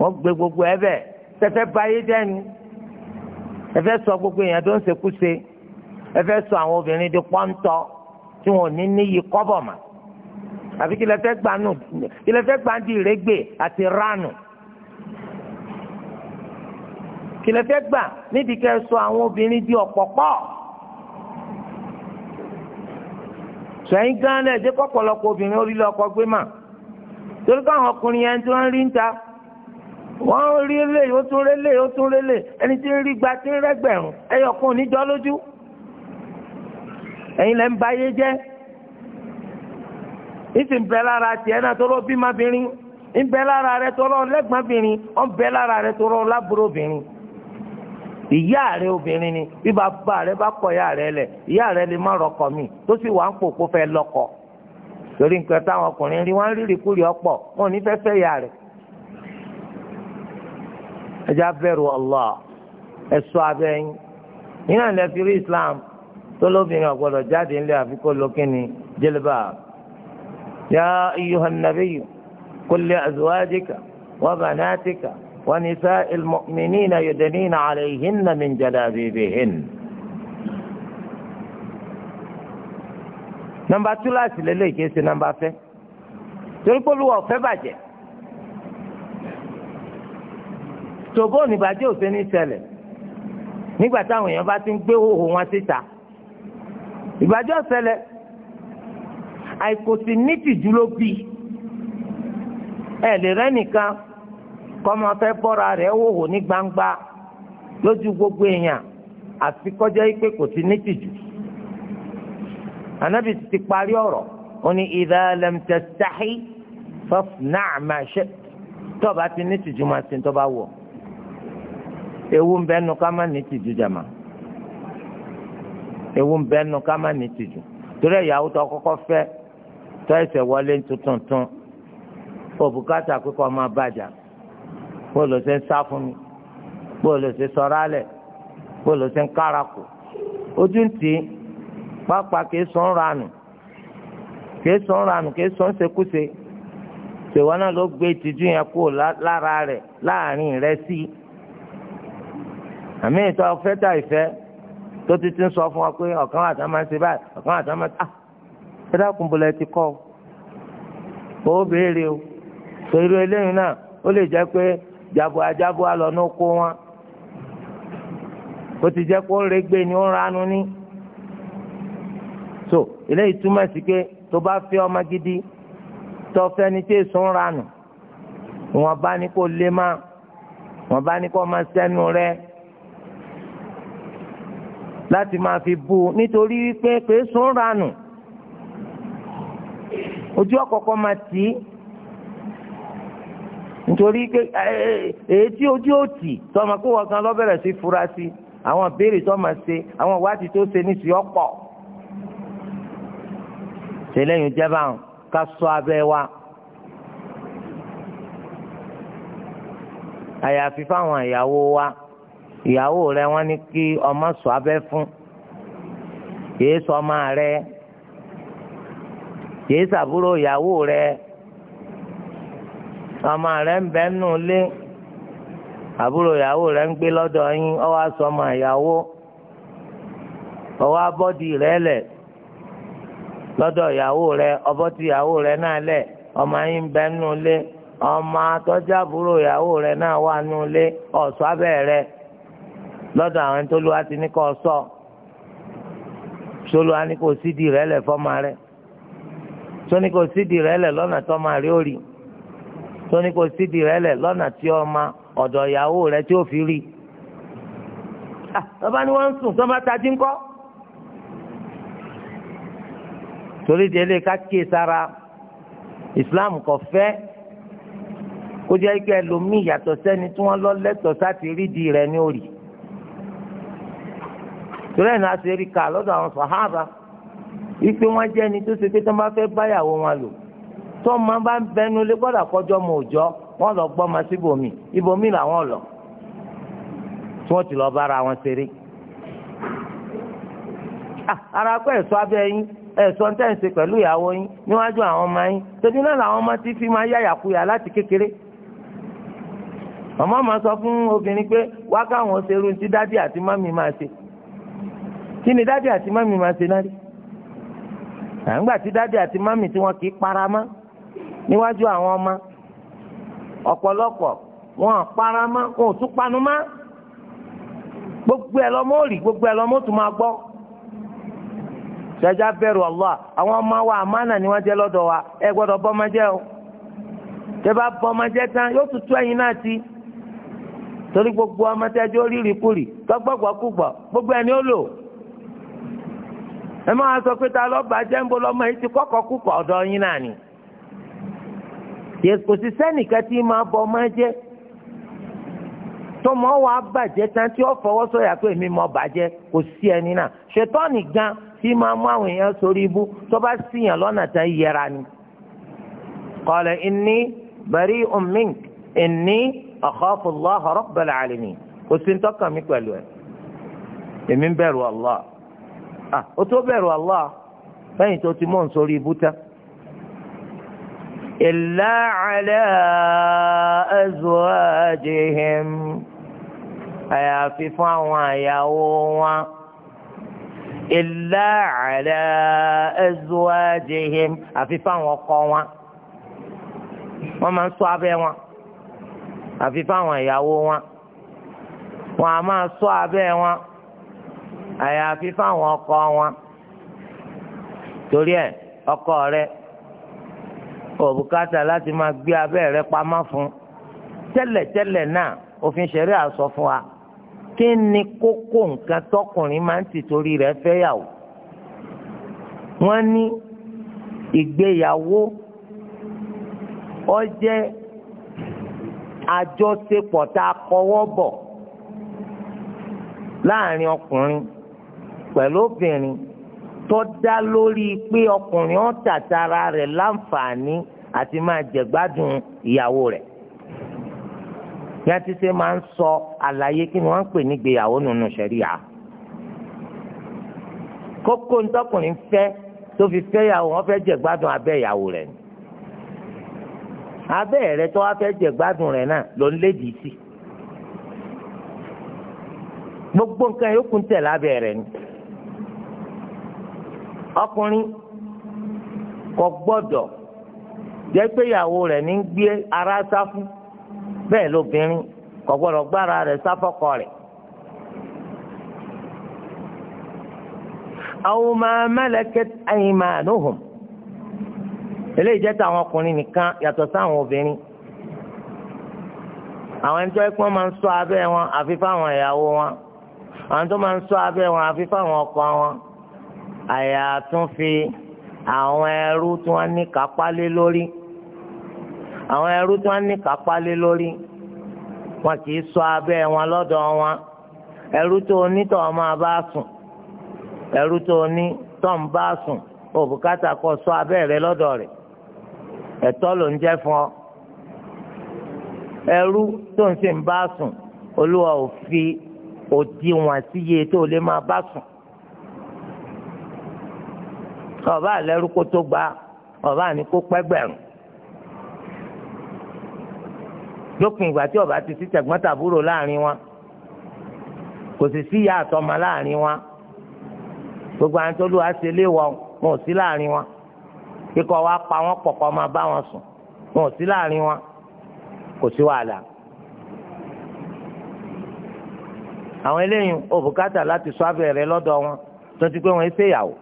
S1: wọ́n gbé gbogbo ẹ bẹ́ẹ̀ tẹ́fẹ́ báyé dẹ́nu ẹ fẹ́ sọ gbogbo èèyàn tó ń ṣekúṣe ẹ fẹ́ sọ àwọn obìnrin di pọ́ńtọ́ tí wọn ò ní níyì kọ́bọ̀ mà àfi kí lẹ fẹ́ gbanú kí lẹ fẹ́ gbandí ìrégbè àti ránù kí gbà nídìí kẹ́ sọ àwọn obìnrin di ọ̀pọ̀pọ̀. sẹ́yìn gan náà ẹ̀jẹ̀ kọ́pọ̀lọpọ̀ obìnrin orílẹ̀ ọkọ gbé mà torí káwọn ọkùnrin yẹn tí wọ́n rí ń ta wọ́n rí lè ó tún rí lè ó tún ẹni tí ń rí gba tí ń rẹ́gbẹ̀rún ẹyọkùn níjọ́ lójú ẹ̀yin lẹ́ ń jẹ́ ìsìn lára tiẹ̀ náà rẹ tó lọ lẹ́gbọ̀n obìnrin rẹ tó lọ ìyá rẹ obìnrin ni bí bàbá rẹ bá kọ ìyá rẹ lẹ lè má mi tó sì wà ń pò kó fẹ́ lọ́kọ torí nǹkan táwọn ọkùnrin rí wọn rírì kúrì ọ̀pọ̀ wọn ò ní fẹ́ ìyá rẹ. Islam tó lóbìnrin ọ̀gbọ́dọ̀ jáde ńlẹ̀ ونساء المؤمنين يدنين عليهن من جلابيبهن nọ́mbà tú láti lélẹ̀ kìí ṣe nọ́mbà fẹ́ torí pé olúwa ọ̀fẹ́ bàjẹ́ tòbó oníbàjẹ́ òfin táwọn èèyàn bá ti ń gbé hóhó wọn síta ìbàjẹ́ ọ̀sẹ̀lẹ̀ àìkòsí nítìjú ló bí ẹ̀ lè rẹ́ nìkan kọ́mọ fẹ́ bọ́ra rẹ̀ wòwò ní gbangba lójú gbogbo èèyàn àfi kọjá ipe kò sí nítìjú anabi ti parí ọ̀rọ̀ ó ní idha lam tastahi fasna' ma shi'ta tọ́ba ti nítìjú máa ti tọ́ba wọ̀ ewu ń bẹ́ẹ̀ nu ká má nítìjú jàmá ewu ń bẹ́ẹ̀ nu ká má nítìjú torí ìyàwó tó kọ́kọ́ fẹ́ tọ́ ẹsẹ̀ wọlé tuntun tún òbúkátà kíkọ́ máa bàjá bó ló ṣe ń sá fún mi bó ló ṣe sọ̀rọ̀ alẹ̀ bó ló ṣe ń kárakù ojú ń tì í pápá kìí sọ ń ranù kìí sọ ń ranù kìí sọ ń ṣekúṣe tèwọ́n náà ló gbé ìtìjú yẹn kúrò lára rẹ̀ láàrin rẹ̀ sí i àmì ìtọ́ fẹ́tà ìfẹ́ tó ti ti ń sọ fún wa pé ọ̀kan àti àmà ń ṣe báyìí ọ̀kan àti àmà ah ẹ dákun bọ̀lẹ̀ ti kọ́ o ó béèrè o torí eléyìí náà ó lè jẹ́ pé jagoajagoa lọ n'oko wọn ó ti jẹ́ kó rẹ́gbẹ́ ni ó ranu ni. so eléyìí túmọ̀ sí pé tó bá fẹ́ ọmọ gidi tó fẹ́ ni tí èso ń ranù wọn bá ní kó lé má wọn bá ní kó má sẹ́nu rẹ̀ láti máa fi bú u nítorí wípé kò èso ń ranù ojú ọ̀kọ̀ọ̀kan máa tì í nítorí pé èyí tí ojú ò tì tọmọ kó wọ́n gan lọ́bẹ̀rẹ̀ sí fura sí àwọn béèrè tó máa ṣe àwọn ìwádìí tó ṣe níṣìí ọ̀pọ̀ tẹlẹyìn jẹba ká sọ abẹ wa àyàfi fáwọn ìyàwó wa ìyàwó rẹ wọ́n ní kí ọmọ sọ abẹ fún kìí sọ ọmọ rẹ kìí sàbúrò ìyàwó rẹ. ọmọ rẹ ń bẹ nù lé àbúrò ìyàwó rẹ ń gbé lọ́dọ̀ yín ọwọ́ asọmọ ìyàwó ọwọ́ abọ́dì rẹ lẹ̀ lọdọ ìyàwó rẹ ọbọ̀ tí ìyàwó rẹ náà lẹ̀ ọmọ yín bẹ nù lé ọmọ atọ́jú àbúrò ìyàwó rẹ náà wà nù lé ọ̀ṣọ́ abẹ́ rẹ lọ́dọ̀ àwọn tó lu àti ní kò sọ sọlọ á ní kò sídìí rẹ lẹ̀ fọ́mọ rẹ sọ ní kò sídìí rẹ lẹ̀ lọ́nà tó máa rí òrì. tó ní kó sídìí rẹ lẹ̀ lọ́nà tí ọmọ ọ̀dọ̀ ìyàwó rẹ tí ó fi rí ah, tọ́ba ni wọ́n ń sùn tọ́ba tají ńkọ́ torí délé ká kíyè sára Islam kò fẹ́ kó jẹ́ kí ẹlòmíì yàtọ̀ sẹ́ni tí wọ́n lọ lẹ́tọ̀ọ́ sáti rídìí rẹ ní òrì torí ẹ̀ náà ṣe rí ká lọ́dọ̀ àwọn sàhábà wípé wọ́n jẹ́ ẹni tó ṣe pé tó bá fẹ́ báyàwó wọn lò tó máa bá ń bẹnu lé gbọ́dọ̀ kọjọ́ mọ òjọ́ wọn lọ gbọ́ ma síbòmí ibòmí làwọn lọ tí wọ́n ti lọ bára wọn ṣeré. Ah, ara pé ẹsọ abẹ́ yín ẹsọ ń tẹ̀sí pẹ̀lú ìyàwó yín níwájú àwọn ọmọ yín tẹ̀bí náà làwọn ọmọ ti fi máa yáyàkuyà láti kékeré. màmá máa sọ fún obìnrin pé wá káwọn ṣerú ti dádì àti mami máa ṣe kí ni dádì àti mami máa ṣe náà rí. àǹgbà tí dádì àti mami tí wọn kì í para mọ́ níwájú àwọn ọmọ ọ̀pọ̀lọpọ̀ wọn àpárá má wọn panu gbogbo ẹ̀ lọ́mọ gbogbo ẹ̀ lọ́mọ tún máa gbọ́ wa àmánà ni wọ́n jẹ́ lọ́dọ̀ wa ẹ gbọ́dọ̀ bọ́mọ jẹ́ o tẹ bá bọ́mọ jẹ́ tán yóò tún gbogbo ọmọ tẹ́jọ́ rírì kúrì tọ́gbọ́gbọ́ gbogbo ẹni ó lò ẹ máa sọ pé ta lọ́ọ́ bàjẹ́ ń bo lọ́mọ yìí ti kò sí sẹ́nìkan tí máa bọ ọmọ jẹ́ tọmọ wa bàjẹ́ tán tí ó fọwọ́ sọ̀yà pé mi mọ bàjẹ́ kò sí ẹni náà ṣètọ́nì gan tí máa mú àwọn èèyàn sórí ibú tó bá síyàn lọ́nà tán yẹra ni. qala inni bari'un mink inni akhafu Allah rabbal alamin kò sí ń tọ́kàn mi pẹ̀lú ẹ̀ èmi bẹ̀rù Allah ah o tó bẹ̀rù Allah lẹ́yìn tó ti mọ̀ ń sórí ibú tán. إلا على أزواجهم àyàfi fún àwọn àyàwó wọn illa ala azwajihim àfi fún àwọn ọkọ wọn wọ́n máa ń ṣọ́ abẹ́ wọn àfi fún àwọn ìyàwó wọn wọn wọn òbúkátà láti máa gbé abẹ́ rẹ pamọ́ fún tẹ́lẹ̀tẹ́lẹ̀ náà òfin ṣẹ̀rí àsọ fún wa kí ni kókó nǹkan tọkùnrin máa ń tìtorí rẹ̀ fẹ́yàwó wọ́n ní ìgbéyàwó ó àjọṣepọ̀ tá a kọwọ́ bọ̀ láàrin ọkùnrin pẹ̀lú obìnrin tó dá lórí pé ọkùnrin ó tàtara rẹ̀ láǹfààní àti máa jẹ̀gbádùn ìyàwó rẹ̀. bí a ti ṣe máa ń sọ àlàyé kí ni wọ́n ń pè nígbèyàwó nínú ṣẹ̀ríà. kókó ntọ́kùnrin fẹ́ tó fi fẹ́yàwó wọ́n fẹ́ jẹ̀gbádùn abẹ́ ìyàwó rẹ̀ ni. abẹ́ rẹ̀ tó wá fẹ́ jẹ̀gbádùn rẹ̀ náà ló ń lédìí sí. gbogbo nǹkan yókùn tẹ̀ lábẹ́ rẹ̀ ni. ọkùnrin kò gbọ́dọ̀ pé ìyàwó rẹ ní gbé ara sá bẹ́ẹ̀ lóbìnrin kò gbára rẹ sáfọkọ rẹ àwọn máa mẹ́lẹ̀kẹ́ ẹ̀yìn máa lóhùn eléyìí jẹ́ ọkùnrin nìkan yàtọ̀ sáwọn obìnrin àwọn ẹni tó wọn àfi fáwọn ìyàwó wọn àwọn tó máa ń wọn àfi fáwọn ọkọ wọn àyà tún fi àwọn ẹrú tí wọ́n ní kápá lé lórí àwọn ẹrú tí wọ́n ní kápá lé lórí wọn kì í ṣọ́ abẹ́ wọn lọ́dọ̀ wọn ẹrú tó ní tó máa bá sùn ẹrú tó ní tó ń bá sùn òbúkátà kó ṣọ́ abẹ́ rẹ̀ lọ́dọ̀ rẹ̀ ẹ̀tọ́ ló ń jẹ́ fún ọ ẹrú tó ń sì ń bá sùn olúwa ò fi òdiwọ̀n síye tó lè máa bá sùn ọba àlẹ́rú kó tó gba ọba àní kó pẹ́gbẹ̀rún lópin ìgbà tí ọba ti sí tẹ̀gbọ́n-tàbúrò láàrin wọn kò sì sí ìyá àtọmọ láàrin wọn gbogbo àwọn tó lù wá ṣe léwọ wọn ò sí láàrin wọn kíkọ́ wa pa wọ́n pọ̀ kọ́ máa bá wọn sùn wọn ò sí láàrin wọn kò sí wàhálà. àwọn eléyìí òbúkátà láti sọ abẹ́rẹ́ lọ́dọ̀ wọn tó ti pé wọ́n ṣèyàwó.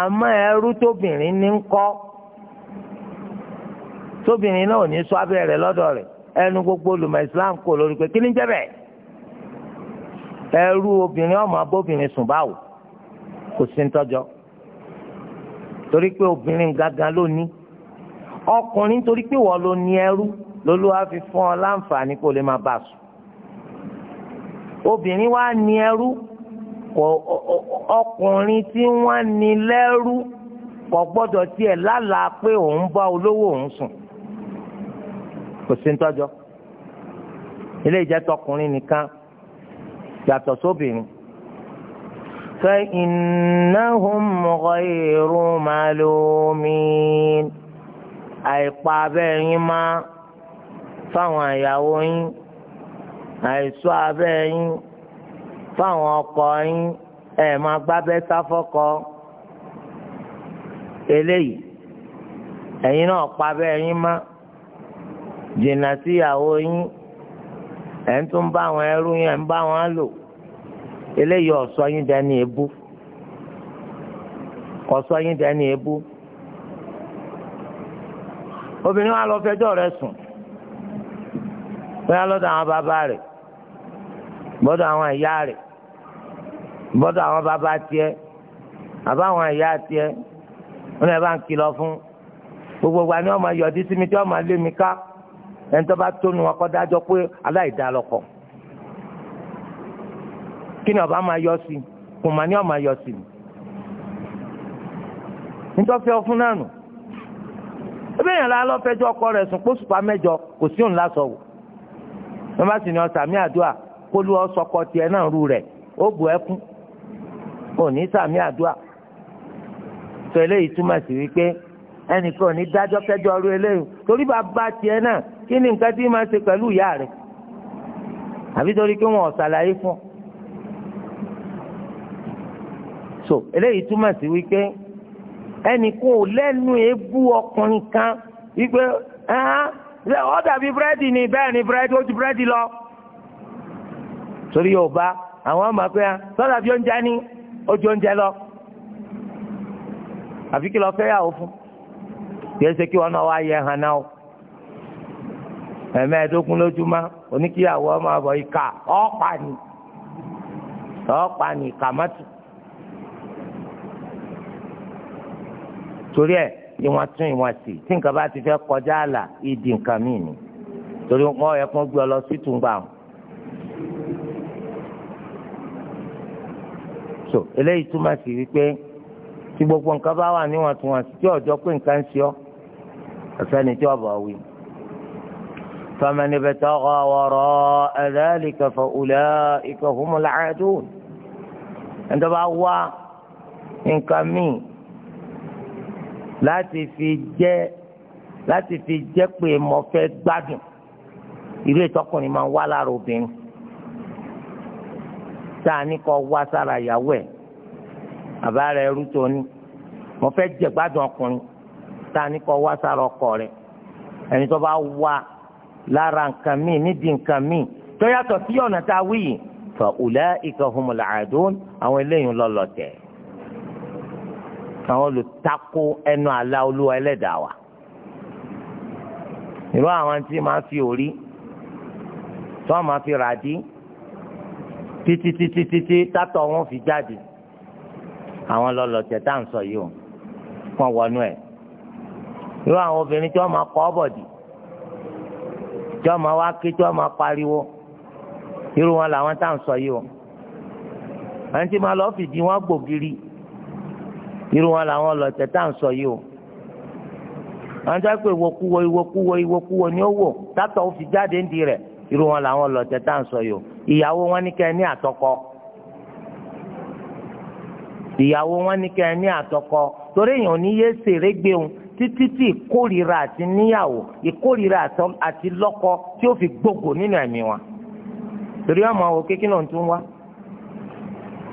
S1: àmọ́ ẹrú tóbìnrin ní ń kọ́ tóbìnrin náà ò ní sọ abẹ́ rẹ̀ lọ́dọ̀ rẹ̀ ẹnu gbogbo olùmọ̀ Islam kò lórí pé kí ni jẹ́ bẹ́ẹ̀ ẹrú obìnrin ọmọ abóbìnrin sùn báwò kò sí ń tọ́jọ́ torí pé obìnrin gangan ló ní ọkùnrin torí pé wọ́n ló ní ẹrú lolúwa fi fún ọ láǹfààní kó lè máa bá a sùn obìnrin wa ní ẹrú ọkùnrin tí wọ́n ní lẹ́rú kò gbọ́dọ̀ tiẹ̀ lálàá pé òun bá olówó òun sùn kò sí ntọ́jọ́ ilé ìjẹ́ tọkùnrin nìkan yàtọ̀ sóbìnrin. فإنهم غير ملومين àìpa abẹ́ yín mọ́ fáwọn ìyàwó fáwọn ọkọ yín ẹ máa gbábẹ́ sáfọ́kọ eléyìí ẹ̀yin náà pa bẹ́ẹ̀ má jìnnà síyàwó yín ẹ̀ ń tún bá wọn ẹrú yẹn ń bá wọn lò eléyìí ọ̀sọ́ yín dání ebú ọ̀sọ́ yín ebú obìnrin wa lọ fẹjọ́ rẹ sùn bóyá lọ́dọ̀ àwọn bàbá rẹ̀. gbọ́dọ̀ àwọn ìyá rẹ̀ gbọ́dọ̀ àwọn bàbá tiẹ̀ àbá àwọn ìyá tiẹ̀ wọn lè bá ń kìlọ̀ fún gbogbo wa ni wọn máa yọdí sí mi tí wọn máa lé mi ká ẹni tó bá tónu wọn kọ́ dájọ́ pé aláìdá lọ́kọ kí ni ọba máa yọ sí kùmà ni wọn máa yọ sí mi nítorí ọfún náà nù ebe yẹn la lọ fẹjọ́ ọkọ rẹ̀ sùn kó sùpà mẹ́jọ kò sí òun lásọ wò wọn sì ní ọsàmì àdúrà kólú ọsọkọ tiẹ̀ náà rú rẹ. ó bu ẹkún òní sàmì àdúrà tó eléyìí túmọ̀ sí wípé ẹnìkan ò ní dájọ́ kẹjọ ru eléyìí torí bàbá tiẹ̀ náà kí ni nǹkan tí máa ṣe pẹ̀lú ìyá rẹ. àbí torí pé wọn ò ṣàlàyé fún ọ. so eléyìí túmọ̀ sí wípé ẹnìkan ò lẹ́nu ọkùnrin kan wípé ẹ dàbí búrẹ́dì ni bẹ́ẹ̀ ni búrẹ́dì ó ju búrẹ́dì lọ. torí ọba, àwọn ọmọ pé sọ́dà bí oúnjẹ ní ojú oúnjẹ lọ àfi kí lọ fẹ́ yàwó fún kí wọn náà wá yẹ hàn náà lójúmọ́ oníkíyàwó ọmọ ọ̀pá ni ọ̀pá ni mọ́tò torí ẹ̀ ìwọ̀n tún ìwọ̀n sí tí nǹkan bá ti fẹ́ kọjá àlà ìdí nǹkan ni torí wọn yẹ kó gbé ọ lọ sí tùǹgbà so eléyìí túmọ̀ sí wípé tí gbogbo nǹkan bá wà níwọ̀ntúnwọ̀nsì tí ọjọ́ pé nǹkan ń ṣe ọ́ ọ̀sẹ́ni tí ọ̀bọ̀ wí. فمن ابتغى وراء ذلك فأولئك هم العادون bá wá nǹkan míì láti fi jẹ́ láti fi jẹ́ pé mo fẹ́ gbádùn ìrètí ọkùnrin máa ń wá lára obìnrin tá a ní kọ́ wá sára ìyàwó ẹ̀ bàbá rẹ̀ rú tóní mo fẹ́ jẹ̀gbádùn ọkùnrin tá a ní kọ́ wá sára ọkọ rẹ̀ ẹni tó bá wá lára nǹkan míì nídìí nǹkan míì tó yàtọ̀ sí ọ̀nà tá a wí yìí fa ulaika humul aadun àwọn eléyìí lọ́lọ́ tẹ̀ àwọn olùtakò ẹnu àlá olúwa ẹlẹ́dàá wa ìró àwọn tí máa fi òrí tí wọ́n máa fi ràdí títí títí wọn fi jáde àwọn lọlọtẹ tá à ń sọ yìí o wọn wọnú ẹ irú àwọn obìnrin tí wọn máa kọ ọbọdì tí wọn máa wá ké tí wọn máa pariwo irú wọn làwọn tá à ń sọ yìí o àwọn tí máa lọ fìdí wọn gbògiri irú wọn làwọn lọtẹ tá à ń sọ yìí o àwọn tí wọn pè ìwòkuwo ìwòkuwo ìwòkuwo ni ó wò tátọ fi jáde ń di rẹ irú wọn làwọn lọtẹ tá à ń sọ yìí o. ìyàwó wọn ní kẹ́ ẹ ní àtọkọ ìyàwó wọn ní kẹ́ ẹ ní àtọkọ torí èèyàn ní yé sèré gbéhùn títí tí ìkórira àti níyàwó ìkórira àti lọ́kọ tí ó fi gbogbo nínú ẹ̀mí wọn torí ọmọ àwọn kékeré náà tún wá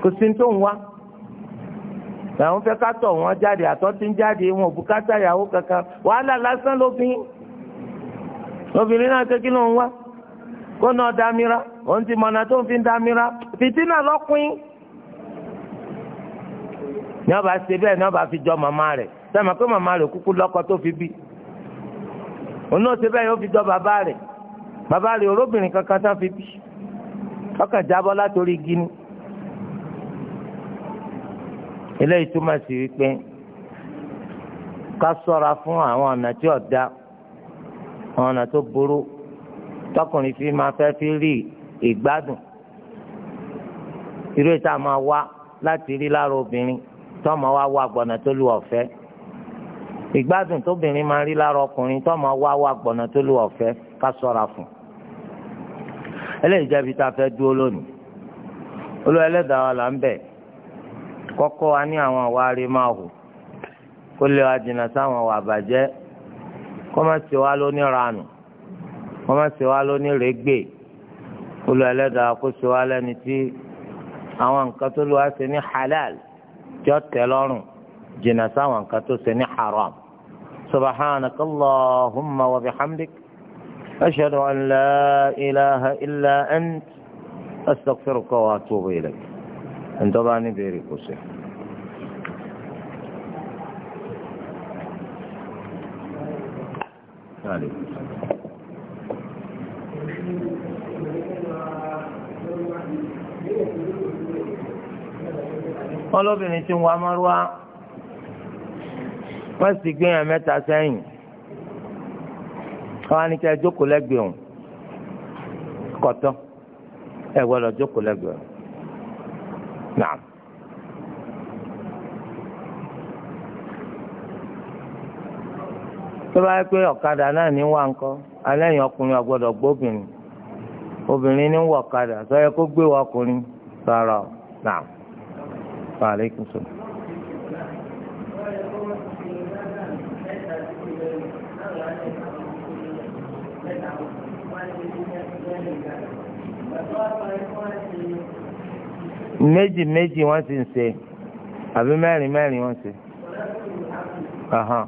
S1: kò sí tó ń wá làwọn fẹ́ ká tọ̀ wọ́n jáde àtọ́ tí ń jáde wọn ò bùkátà ìyàwó kankan wàhálà lásán lóbìn obìnrin náà kékeré náà ń wá. kó náà dá mìíràn òun ti mọ̀nà tó ń fi dá mìíràn fìtínà lọ́pin ní ọba ṣe bẹ́ẹ̀ ní ọba fi jọ màmá rẹ̀ sẹ́mi pé màmá rẹ̀ kúkú lọ́kọ tó fi bí òun náà ṣe bẹ́ẹ̀ yóò fi jọ bàbá rẹ̀ bàbá rẹ̀ olóbìnrin kankan tán fi bí ọkàn jábọ́ látòrí igi ni. eléyìí túmọ̀ sí wípé ká sọ̀ra fún àwọn tọkùnrin fi máa fẹ́ fi rí ìgbádùn irú ìta máa wá láti rí lára obìnrin tọ́mọ wá wá gbọ̀nà tó lu ọ̀fẹ́ ìgbádùn tóbìnrin máa rí lára ọkùnrin tọ́mọ wá wá gbọ̀nà tó lu ọ̀fẹ́ ká sọ̀ra fún eléyìí jẹ́bi tá a fẹ́ dúró lónìí olú ẹlẹ́dàá wa là ń bẹ̀ kọ́kọ́ wa ní àwọn àwa rí máa hù kó lè wa jìnnà sáwọn àwà àbàjẹ́ wọ́n má ṣe wá lóní rẹ́gbè olú ẹlẹ́dàá kó ṣe wá lẹ́ni tí àwọn nǹkan tó lù wá ṣe ní halal jọ tẹ́ lọ́rùn jìnnà sáwọn nǹkan tó ṣe ní haram subhanaka allahumma wa bihamdik ashhadu an la ilaha illa ant astaghfiruka wa atubu ilayk ẹ̀ńtọ́ bá ní bèrè kò Thank you. wọ́n lóbìnrin tí ń wa mọ́rúwá wọ́n sì gbéyàn mẹ́ta sẹ́yìn wọ́n á ní kí ẹ jókòó lẹ́gbẹ̀ẹ́ òun kọ̀tọ́ ẹ gbọ́dọ̀ jókòó lẹ́gbẹ̀ẹ́ òun náà. tó bá yẹ pé ọ̀kadà náà ní wà ńkọ́ alẹ́ yẹn ọkùnrin ọ̀gbọ́dọ̀ gbóbìnrin. obìnrin ní wọ̀kadà sọ́yẹ́ kó gbé wa ọkùnrin sára ọ̀ náà fàlẹ́kùn sọ. méjì méjì wọ́n ti ń meri àbí mẹ́rin mẹ́rin wọ́n ti. Uh-huh.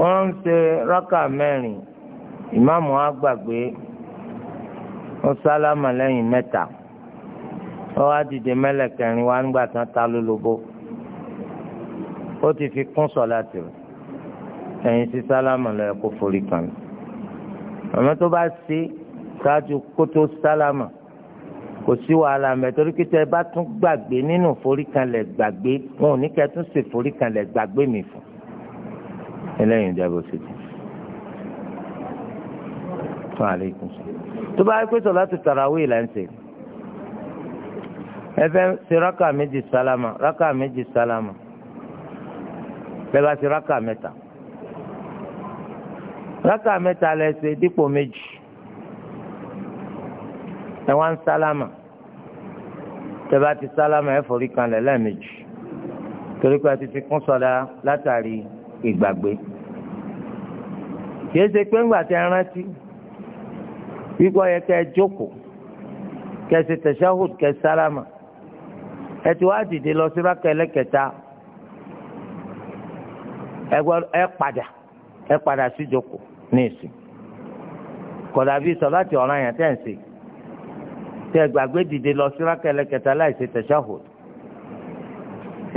S1: wọ́n ń ṣe rákà mẹ́rin ìmáàmù á gbàgbé wọ́n sálámà lẹ́yìn mẹ́ta wọ́n wá dìde mẹ́lẹ̀kẹrin wá nígbà tán ta lólobó ó ti fi kún sọ̀láàtì rẹ̀ ẹ̀yìn sí sálámà lọ́yẹ̀ kó forí kan àmọ́ tó bá ṣe ṣáájú kó tó sálámà kò sí wàhálà mẹ torí pé tẹ́ bá tún gbàgbé nínú forí kan lẹ̀ gbàgbé wọn ò ní kẹ́ tún ṣe forí kan lẹ̀ gbàgbé mi fún eléyìí ń jẹ́ bó ṣe jẹ́ fún àlékún sọ tó bá yẹ pé sọ láti tarawih là ń ṣe ẹ fẹ́ ṣe rákà méjì sálámà rákà méjì sálámà bẹ́ẹ̀ bá ṣe rákà mẹ́ta rákà mẹ́ta lẹ ṣe dípò méjì ẹ wá ń sálámà tẹ́ bá ti sálámà ẹ forí kanlẹ̀ lẹ́ẹ̀mejì torí pé a ti fi kún sọ̀dá látàrí. ìgbàgbé kìí ṣe pé ńgbà tí a rántí wípé ọyẹ kẹ ẹ jókòó kẹ ẹ ṣe kẹ ẹ sálámà ẹ ti wá dìde lọ sí ẹ padà ẹ padà sọ ọ̀ràn yẹn gbàgbé dìde lọ sí láì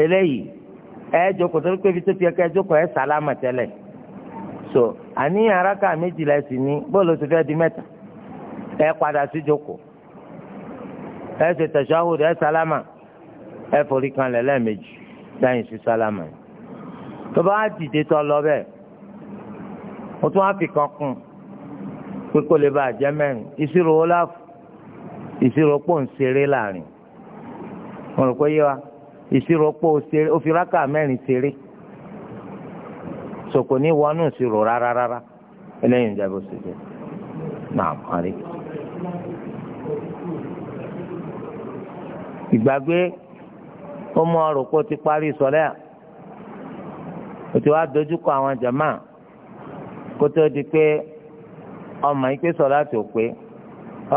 S1: ṣe ẹ jókòó torí pé ibi tó fi ẹkẹ jókòó ẹ sálámà tẹ́lẹ̀ so àníyàn araka méjìlá sì ní bóòlù tó fẹ́ di mẹ́ta ẹ padà sí jókòó ẹ ṣe tashahhud ẹ sálámà ẹ forí kan lẹ̀ lẹ́ẹ̀mejì lẹ́yìn sí sálámà yìí tó bá dìde tó lọ bẹ́ẹ̀ mo tún á fi kan kún un lè bá àjẹ mẹ́rin ìṣirò wọlé ìṣirò pò ń ṣeré láàrin mo rò yé wa. ìṣirò pọ̀ ó mẹ́rin ṣeré sòkò ní wọnú ìṣirò rárá rárá eléyìí ń jábọ̀ náà parí. ìgbàgbé ti parí sọlẹ́ à ó ti wá dojúkọ àwọn jàmá kó tó di pé ọmọ yìí pé sọlá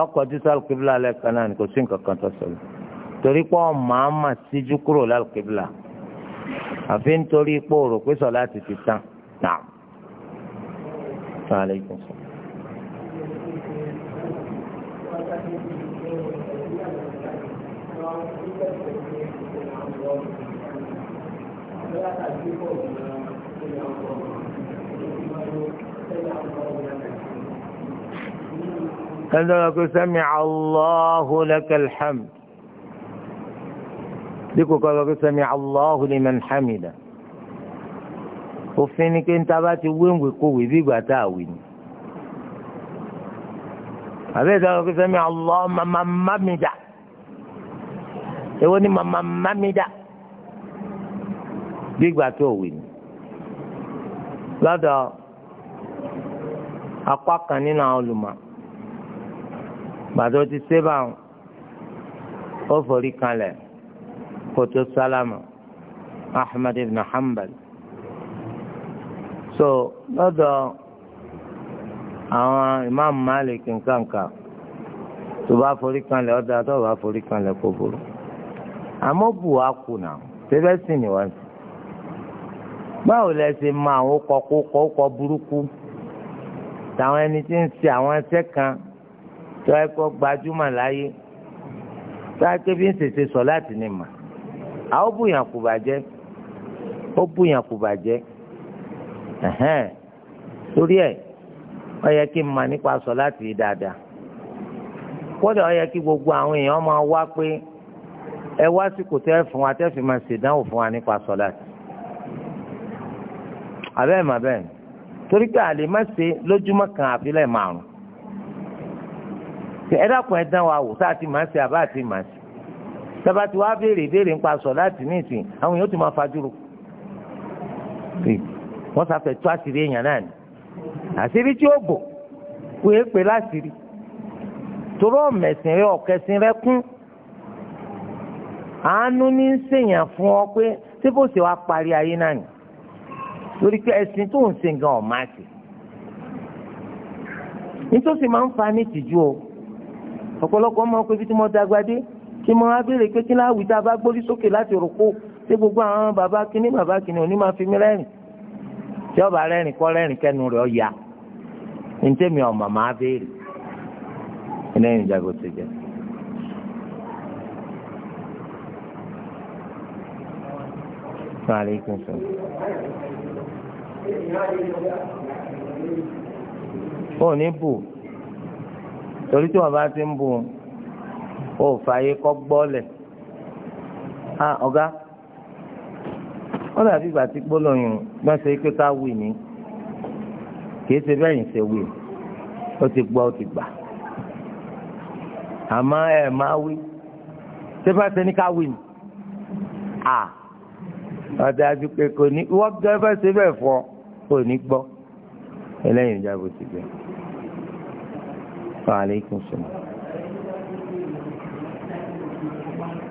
S1: ọkọ̀ jùsọ̀ kíbla lẹ́ẹ̀kan náà ni kò sí nǹkan kan torí pé ọ̀màmà síjú kúrò lálùkébìlà àfi nítorí pé òrò pé sọ láti ti tán náà. Ẹ̀dọ́rọ̀ kò sẹ́mi Allahu lakal dípò kọ́ lọ́kọ́ sami Allahu liman hamida òfin ni pé níta bá ti wéwèé kówé bí ìgbà tá a wí ni àbẹ́rẹ́ sọ lọ́kọ́ sami Allahu mama mamida èwo ni mama mamida bí ìgbà tó wí ni lọ́dọ̀ apá kan nínú àwọn olùmọ̀ gbàdọ̀ ti sébà ó forí kanlẹ̀ kótó sálámà ahmed ibn hanbal so lọ́dọ̀ àwọn imaamu malik nkankan tó bá forí kanlẹ̀ ọ̀dà tó bá forí kanlẹ̀ kò burú àmọ́ bùwá kùnà tẹ́fẹ́ sì ni wọ́n ti báwo lẹ ṣe mọ àwọn kọkókọ kọ burúkú tàwọn ẹni tí ń ṣe àwọn ẹsẹ kan tó ẹ kọ láyé tó ẹ ń ṣèṣe sọ láti ní mà àwọn bùyàn kò bàjẹ́ ó bùyàn kò bàjẹ́ ẹ̀hẹ́n torí ẹ̀ ọ yẹ kí n mà nípa sọ láti yí dáadáa kódà ó yẹ kí gbogbo àwọn èèyàn máa wá pé ẹ wá fún wa tẹ́ fi máa ṣèdánwò fún wa nípa sọ láti mà bẹ́ẹ̀ torí pé àlè má ṣe lójúmọ́ kan àfi márùn ẹ dákun ẹ àbá àti máa tẹ́bá ti wá béèrè béèrè ń pa sọ láti ní ìsìn àwọn èèyàn ti máa fajúro wọ́n sáfẹ́ tó àṣírí èèyàn náà ni àṣírí tí ó bò kó e pè láṣírí torọ́ mẹ̀sìn rẹ ọ̀kẹ́sìn rẹ kún àánú ní ń fún ọ pé tí bó ṣe parí ayé náà ni torí pé tó ń fa ní o ọ̀pọ̀lọpọ̀ máa ń pe bí tí mo kí mo á béèrè pé kí náà wí tá a bá gbórí sókè láti rúkú ṣé gbogbo àwọn bàbá kíní bàbá kíní òní máa fi mí rẹ́rìn tí ọba rẹ́rìn kọ́ rẹ́rìn kẹ́nu rẹ̀ ọ̀ya ntẹ́mi ọ̀mà máa béèrè ẹlẹ́yìn ìjàgbọ́ ti jẹ. Aleykum salaam. Ó ní bù torí tí wọ́n bá ti ń bù wọn o ó fààyè kọ́ gbọ́lẹ̀ a ah, ọ̀gá ó dàbí ìgbà tí gbólóyún gbọ́nsẹ̀ pé ká wì ní kìí ṣe bẹ́ẹ̀ yìí ṣe wì ó ti gbọ́ ó ti gbà àmọ́ ẹ̀ máa wí ṣé bá ṣe ní ká wì ní a ọ̀dájú pé kò ní wọ́n gbẹ́ bá ṣe bẹ́ẹ̀ fọ́ kò ní gbọ́ ẹlẹ́yìn ìjábọ̀ ti bẹ́ẹ̀. Wa alaikum salaam.